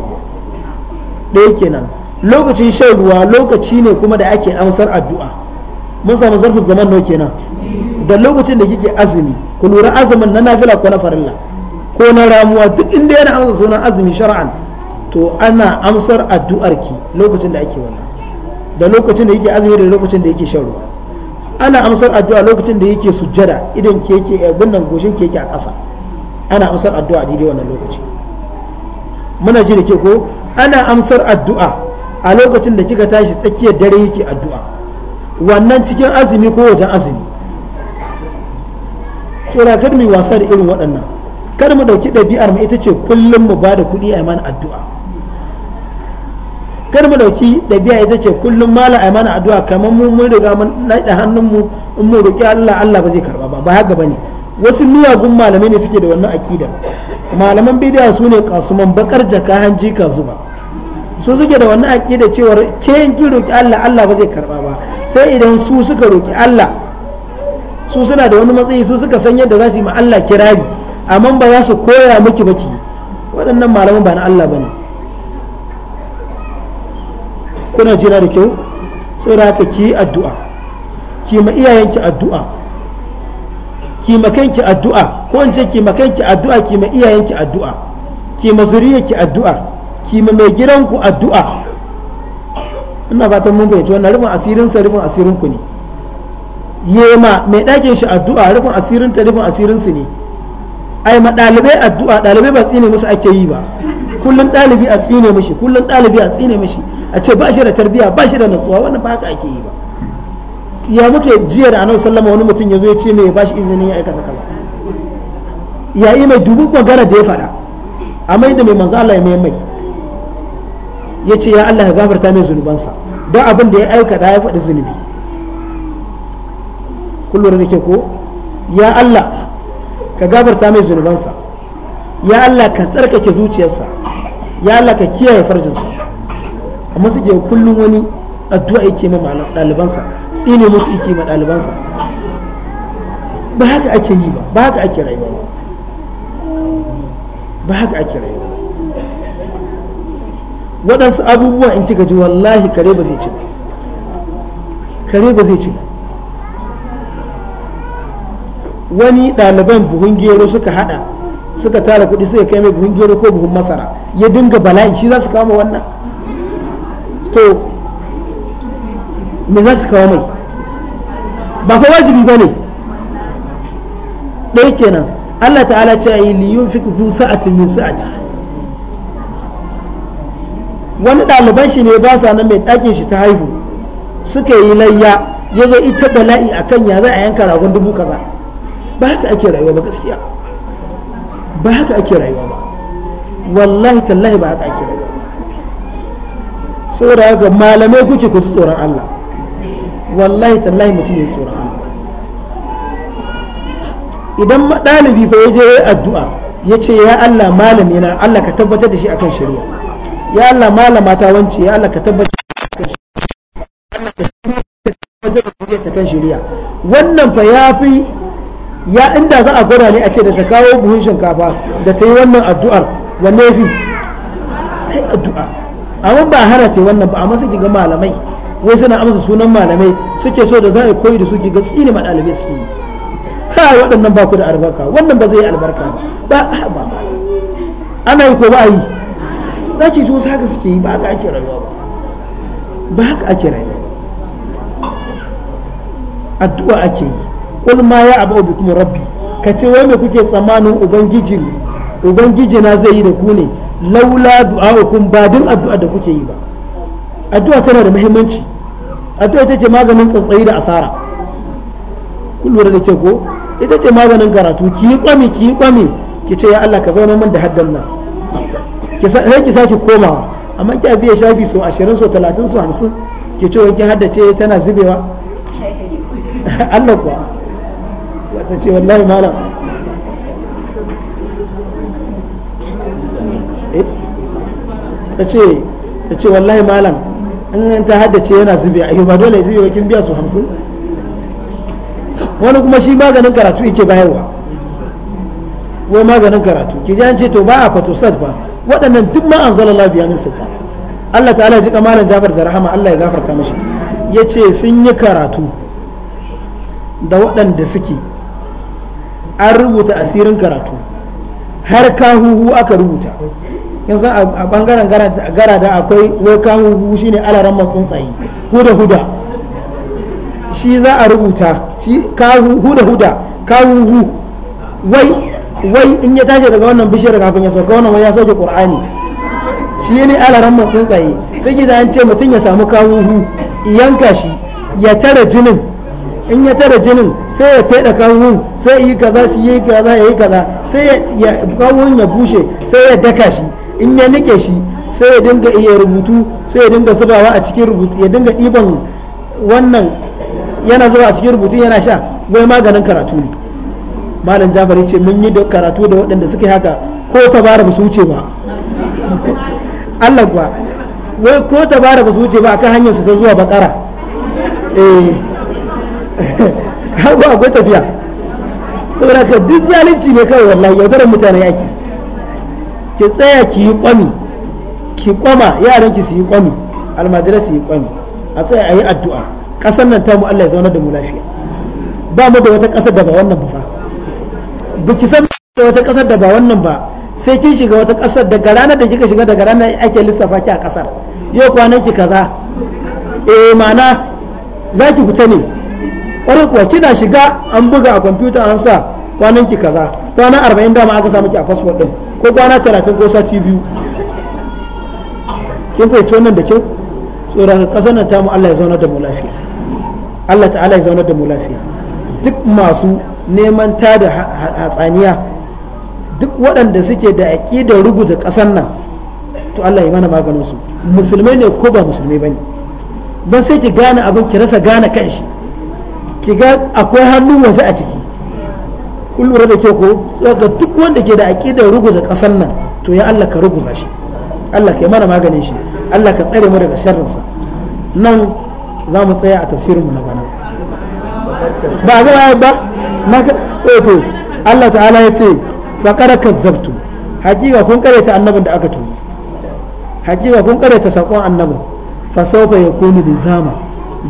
ɗaya kenan lokacin shan ruwa lokaci ne kuma da ake amsar addu'a mun samu zarfin zaman nau kenan da lokacin da kike azumi ku lura azumin na nafila ko na farilla ko na ramuwa duk inda yana amsa sunan azumi shar'an to ana amsar addu'ar ki lokacin da ake wannan da lokacin da yake azumi da lokacin da yake shan ruwa ana amsar addu'a lokacin da yake sujjada idan ke yake gunnan goshin ke yake a ƙasa ana amsar addu'a daidai wannan lokaci muna ji da ke ko ana amsar addu'a a lokacin da kika tashi tsakiyar dare yake addu'a wannan cikin azumi ko wajen azumi tsora kar mu wasa da irin waɗannan kar mu ɗauki ɗabi'ar mu ita ce kullum mu ba da kuɗi a iman addu'a kar mu ɗauki ɗabi'a ita ce kullum mala a iman addu'a kamar mu mun riga mun naɗa hannunmu in mu roƙi Allah Allah ba zai karɓa ba ba haka bane wasu miyagun malamai ne suke da wannan akidar malaman bidiya su ne kasuman bakar jaka hanji kasu zuba su suke da wannan aƙida cewar ke ki roƙi Allah Allah ba zai karba ba sai idan su suka roƙi Allah su suna da wani matsayi su suka san yadda za su yi ma Allah kirari amma ba za su koya miki ba ki waɗannan malaman ba na Allah ba ne kuna jira da kyau saboda haka ki addu'a ki ma iyayenki addu'a ki kanki addu'a ko in ce ki addu'a ki ma iyayenki addu'a ki ma zuriyarki addu'a ki ma mai gidanku addu'a ina fatan mun bayyana wannan rufin asirin sa rufin asirin ku ne yema mai ɗakin shi addu'a rufin asirin ta rufin asirin su ne ai ma ɗalibai addu'a ɗalibai ba tsine musu ake yi ba kullum ɗalibi a tsine mishi kullum ɗalibi a tsine mishi a ce ba shi da tarbiyya ba shi da natsuwa wannan ba haka ake yi ba ya muke jiya da annabi sallama wani mutum ya zo ya ce mai ya bashi izinin ya aikata kaza ya yi mai dubu magana da ya faɗa amma inda mai manzo Allah ya mai mai ya ce ya Allah ya gafarta mai zunubansa don abin da ya aikata ya faɗi zunubi kullum da ke ko ya Allah ka gafarta mai zunubansa ya Allah ka tsarkake zuciyarsa ya Allah ka kiyaye farjinsa amma suke kullum wani addu'a yake ma ɗalibansa tsine musu yake ma ɗalibansa ba haka ake yi ba ba haka ake rayuwa ba ba haka ake rayuwa waɗansu abubuwa in kika ji wallahi kare ba zai ci ba kare ba zai ci ba wani ɗaliban buhun gero suka haɗa suka tara kuɗi suka kai mai buhun gero ko buhun masara ya dinga bala'i shi za su kama wannan to me za su kawo mai ba fa wajibi ba ne ɗaya kenan Allah ta'ala ce a yi liyun fi zu sa'atin min sa'ati wani ɗaliban shi ne ba sa nan mai ɗakin shi ta haihu suka yi layya ya zo ita bala'i a kan ya za a yanka ragon dubu kaza ba haka ake rayuwa ba gaskiya ba haka ake rayuwa ba wallahi tallahi ba haka ake rayuwa saboda haka malamai kuke ku tsoron Allah wallahi tallahi mutum ya tsoron Allah idan ɗalibi fa ya je addu'a ya ce ya Allah malami na Allah ka tabbatar da shi akan shari'a ya Allah malama ta wance ya Allah ka tabbatar da shi a kan shari'a wannan fa ya fi ya inda za a gwada ne a ce da ta kawo buhun shinkafa da ta yi wannan addu'ar wanne fi ta yi addu'a amma ba hana ta yi wannan ba amma suke ga malamai wai suna amsa sunan malamai suke so da za a koyi da su ke ga tsini ma ɗalibai suke yi kai waɗannan ba ku da albarka wannan ba zai yi albarka ba ba ana yi ko ba yi za ki ji wasu haka suke yi ba haka ake rayuwa ba ba haka ake rayuwa addu'a ake yi kul ma ya abu bikum rabbi ka ce wai me kuke tsammanin ubangijin ubangijina zai yi da ku ne laula du'a'ukum ba din addu'a da kuke yi ba addu'a tana da muhimmanci addu'a ita ce maganin tsatsayi da asara kun lura da ke ko ita ce maganin karatu ki yi kwami ki yi kwami ki ce ya Allah ka zauna min da haddan nan sai ki sake komawa amma ki biya shafi so 20 so 30 so 50 ki ce wai ki haddace tana zubewa Allah kuwa wata ce wallahi malam eh? ta ce wallahi malam in ta haddace yana zube a ba dole zube kin biya su hamsin wani kuma shi maganin karatu yake bayarwa wai maganin karatu ki ji an ce to ba a fatosat ba waɗannan duk ma an zala labiya min sulta Allah ta'ala ya ji kamalin Jafar da rahama Allah ya gafarta mashi ya ce sun yi karatu da waɗanda suke an rubuta asirin karatu har kahuhu aka rubuta yanzu a bangaren gara da akwai wai kawo shi ne alaran matsin tsayi huda huda shi za a rubuta shi kawo huda huda kawo hu wai wai in ya tashi daga wannan bishiyar kafin ya sauka wannan wai ya sauke qur'ani shi ne alaran matsin sai ki an ce mutum ya samu kawo hu yanka shi ya tara jinin in ya tara jinin sai ya feda kawun sai yi kaza sai yi kaza ya yi kaza sai ya kawun ya bushe sai ya daka shi in ya nike shi sai ya dinga iya rubutu sai ya dinga zubawa a cikin rubutu ya dinga ɗiban wannan yana zuwa a cikin rubutu yana sha wai maganin karatu ne malam jafari ce mun yi da karatu da waɗanda suke haka ko ta bara ba su wuce ba Allah kuwa wai ko bara ba su wuce ba akan hanyar su ta zuwa bakara eh akwai tafiya saboda ka duk zalunci ne kawai wallahi yaudarar mutane yake ki tsaya ki yi kwami ki kwama yaran ki su yi kwami almajirai su yi kwami a tsaya a yi addu'a ƙasar nan ta mu Allah ya zauna da mu lafiya ba mu da wata ƙasar da ba wannan ba fa ba ki san da wata ƙasar da ba wannan ba sai kin shiga wata ƙasar daga ranar da kika shiga daga ranar ake lissafa ki a ƙasar yau kwanan ki kaza eh ma'ana za ki fita ne ƙwarar kuwa kina shiga an buga a kwamfuta an sa kwanan ki kaza kwanan arba'in dama aka samu ki a fasfot ɗin ko kwana talatin ko sati biyu kin fahimci wannan da kyau tsoron kasar nan tamu Allah ya zauna da mu lafiya Allah ta'ala ya zauna da mu lafiya duk masu neman ta da hatsaniya duk waɗanda suke da aƙidar rubuta ƙasar nan to Allah ya mana maganin su musulmai ne ko ba musulmai bane ban sai ki gane abin ki rasa gane kanshi ki ga akwai hannun waje a ciki kun lura da ke ko ga duk wanda ke da aƙidar ruguza ƙasar nan to ya Allah ka ruguza shi Allah ka yi mana maganin shi Allah ka tsare mu daga sharrinsa nan za mu tsaya a tafsirin mu na bana ba a gaba ba na ka eh to Allah ta'ala ya ce fa qaraka zabtu haqiqa kun ta annabin da aka tuno haqiqa kun ta sakon annabin fa sawfa yakunu bizama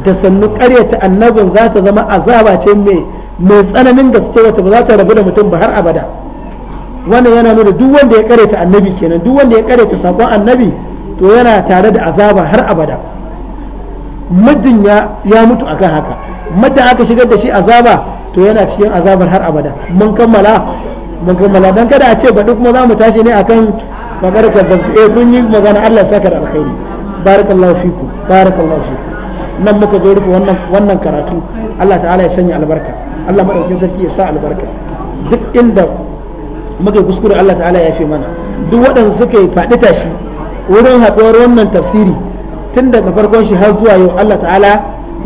da sannu ta annabin za ta zama azaba ce mai mai tsananin gaske wacce ba za ta rabu da mutum ba har abada wannan yana nuna duk wanda ya kareta annabi kenan duk wanda ya kareta sakon annabi to yana tare da azaba har abada muddin ya mutu akan haka madda aka shigar da shi azaba to yana cikin azabar har abada mun kammala mun kammala dan kada a ce ba duk za mu tashi ne akan bakar kaddan eh kun yi magana Allah ya saka da alkhairi barakallahu fiku barakallahu fiku nan muka zo rufe wannan wannan karatu Allah ta'ala ya sanya albarka Allah maɗaukin sarki ya sa albarka duk inda muka kuskure Allah ta'ala ya fi mana duk waɗanda suka yi faɗi tashi wurin haɗuwar wannan tafsiri tun daga farkon shi har zuwa yau Allah ta'ala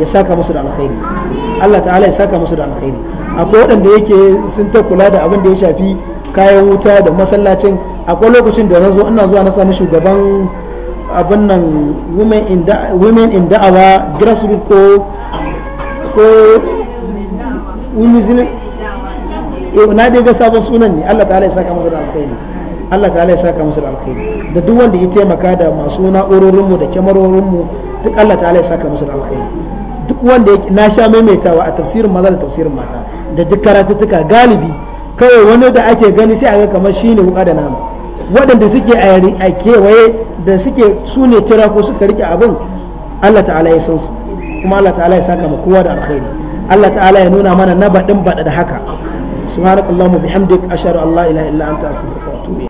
ya saka musu da alkhairi Allah ta'ala ya saka musu da alkhairi akwai waɗanda yake sun ta kula da abin da ya shafi kayan wuta da masallacin akwai lokacin da na zo ina zuwa na samu shugaban abin nan women in da'awa grassroots ko wi mislin eh, na dai ga sabon sunan ne Allah ta'ala ya saka masa da alkhairi Allah ta'ala ya saka masa da alkhairi da duk wanda ya taimaka da masu na'urorin mu da kyamarorin mu duk Allah ta'ala ya saka masa da alkhairi duk wanda na sha maimaitawa a tafsirin maza da tafsirin mata da duk karatuttuka galibi kawai wani da ake gani sai a ga kamar shine wuka da nama waɗanda suke a kewaye da suke su ne tira ko suka rike abin Allah ta'ala ya san su kuma Allah ta'ala ya saka ma kowa da alkhairi Allah ta'ala ya nuna mana na baɗin baɗa da haka subhanakallahumma bihamdik ashhadu an la ilaha illa anta astaghfiruka wa atubu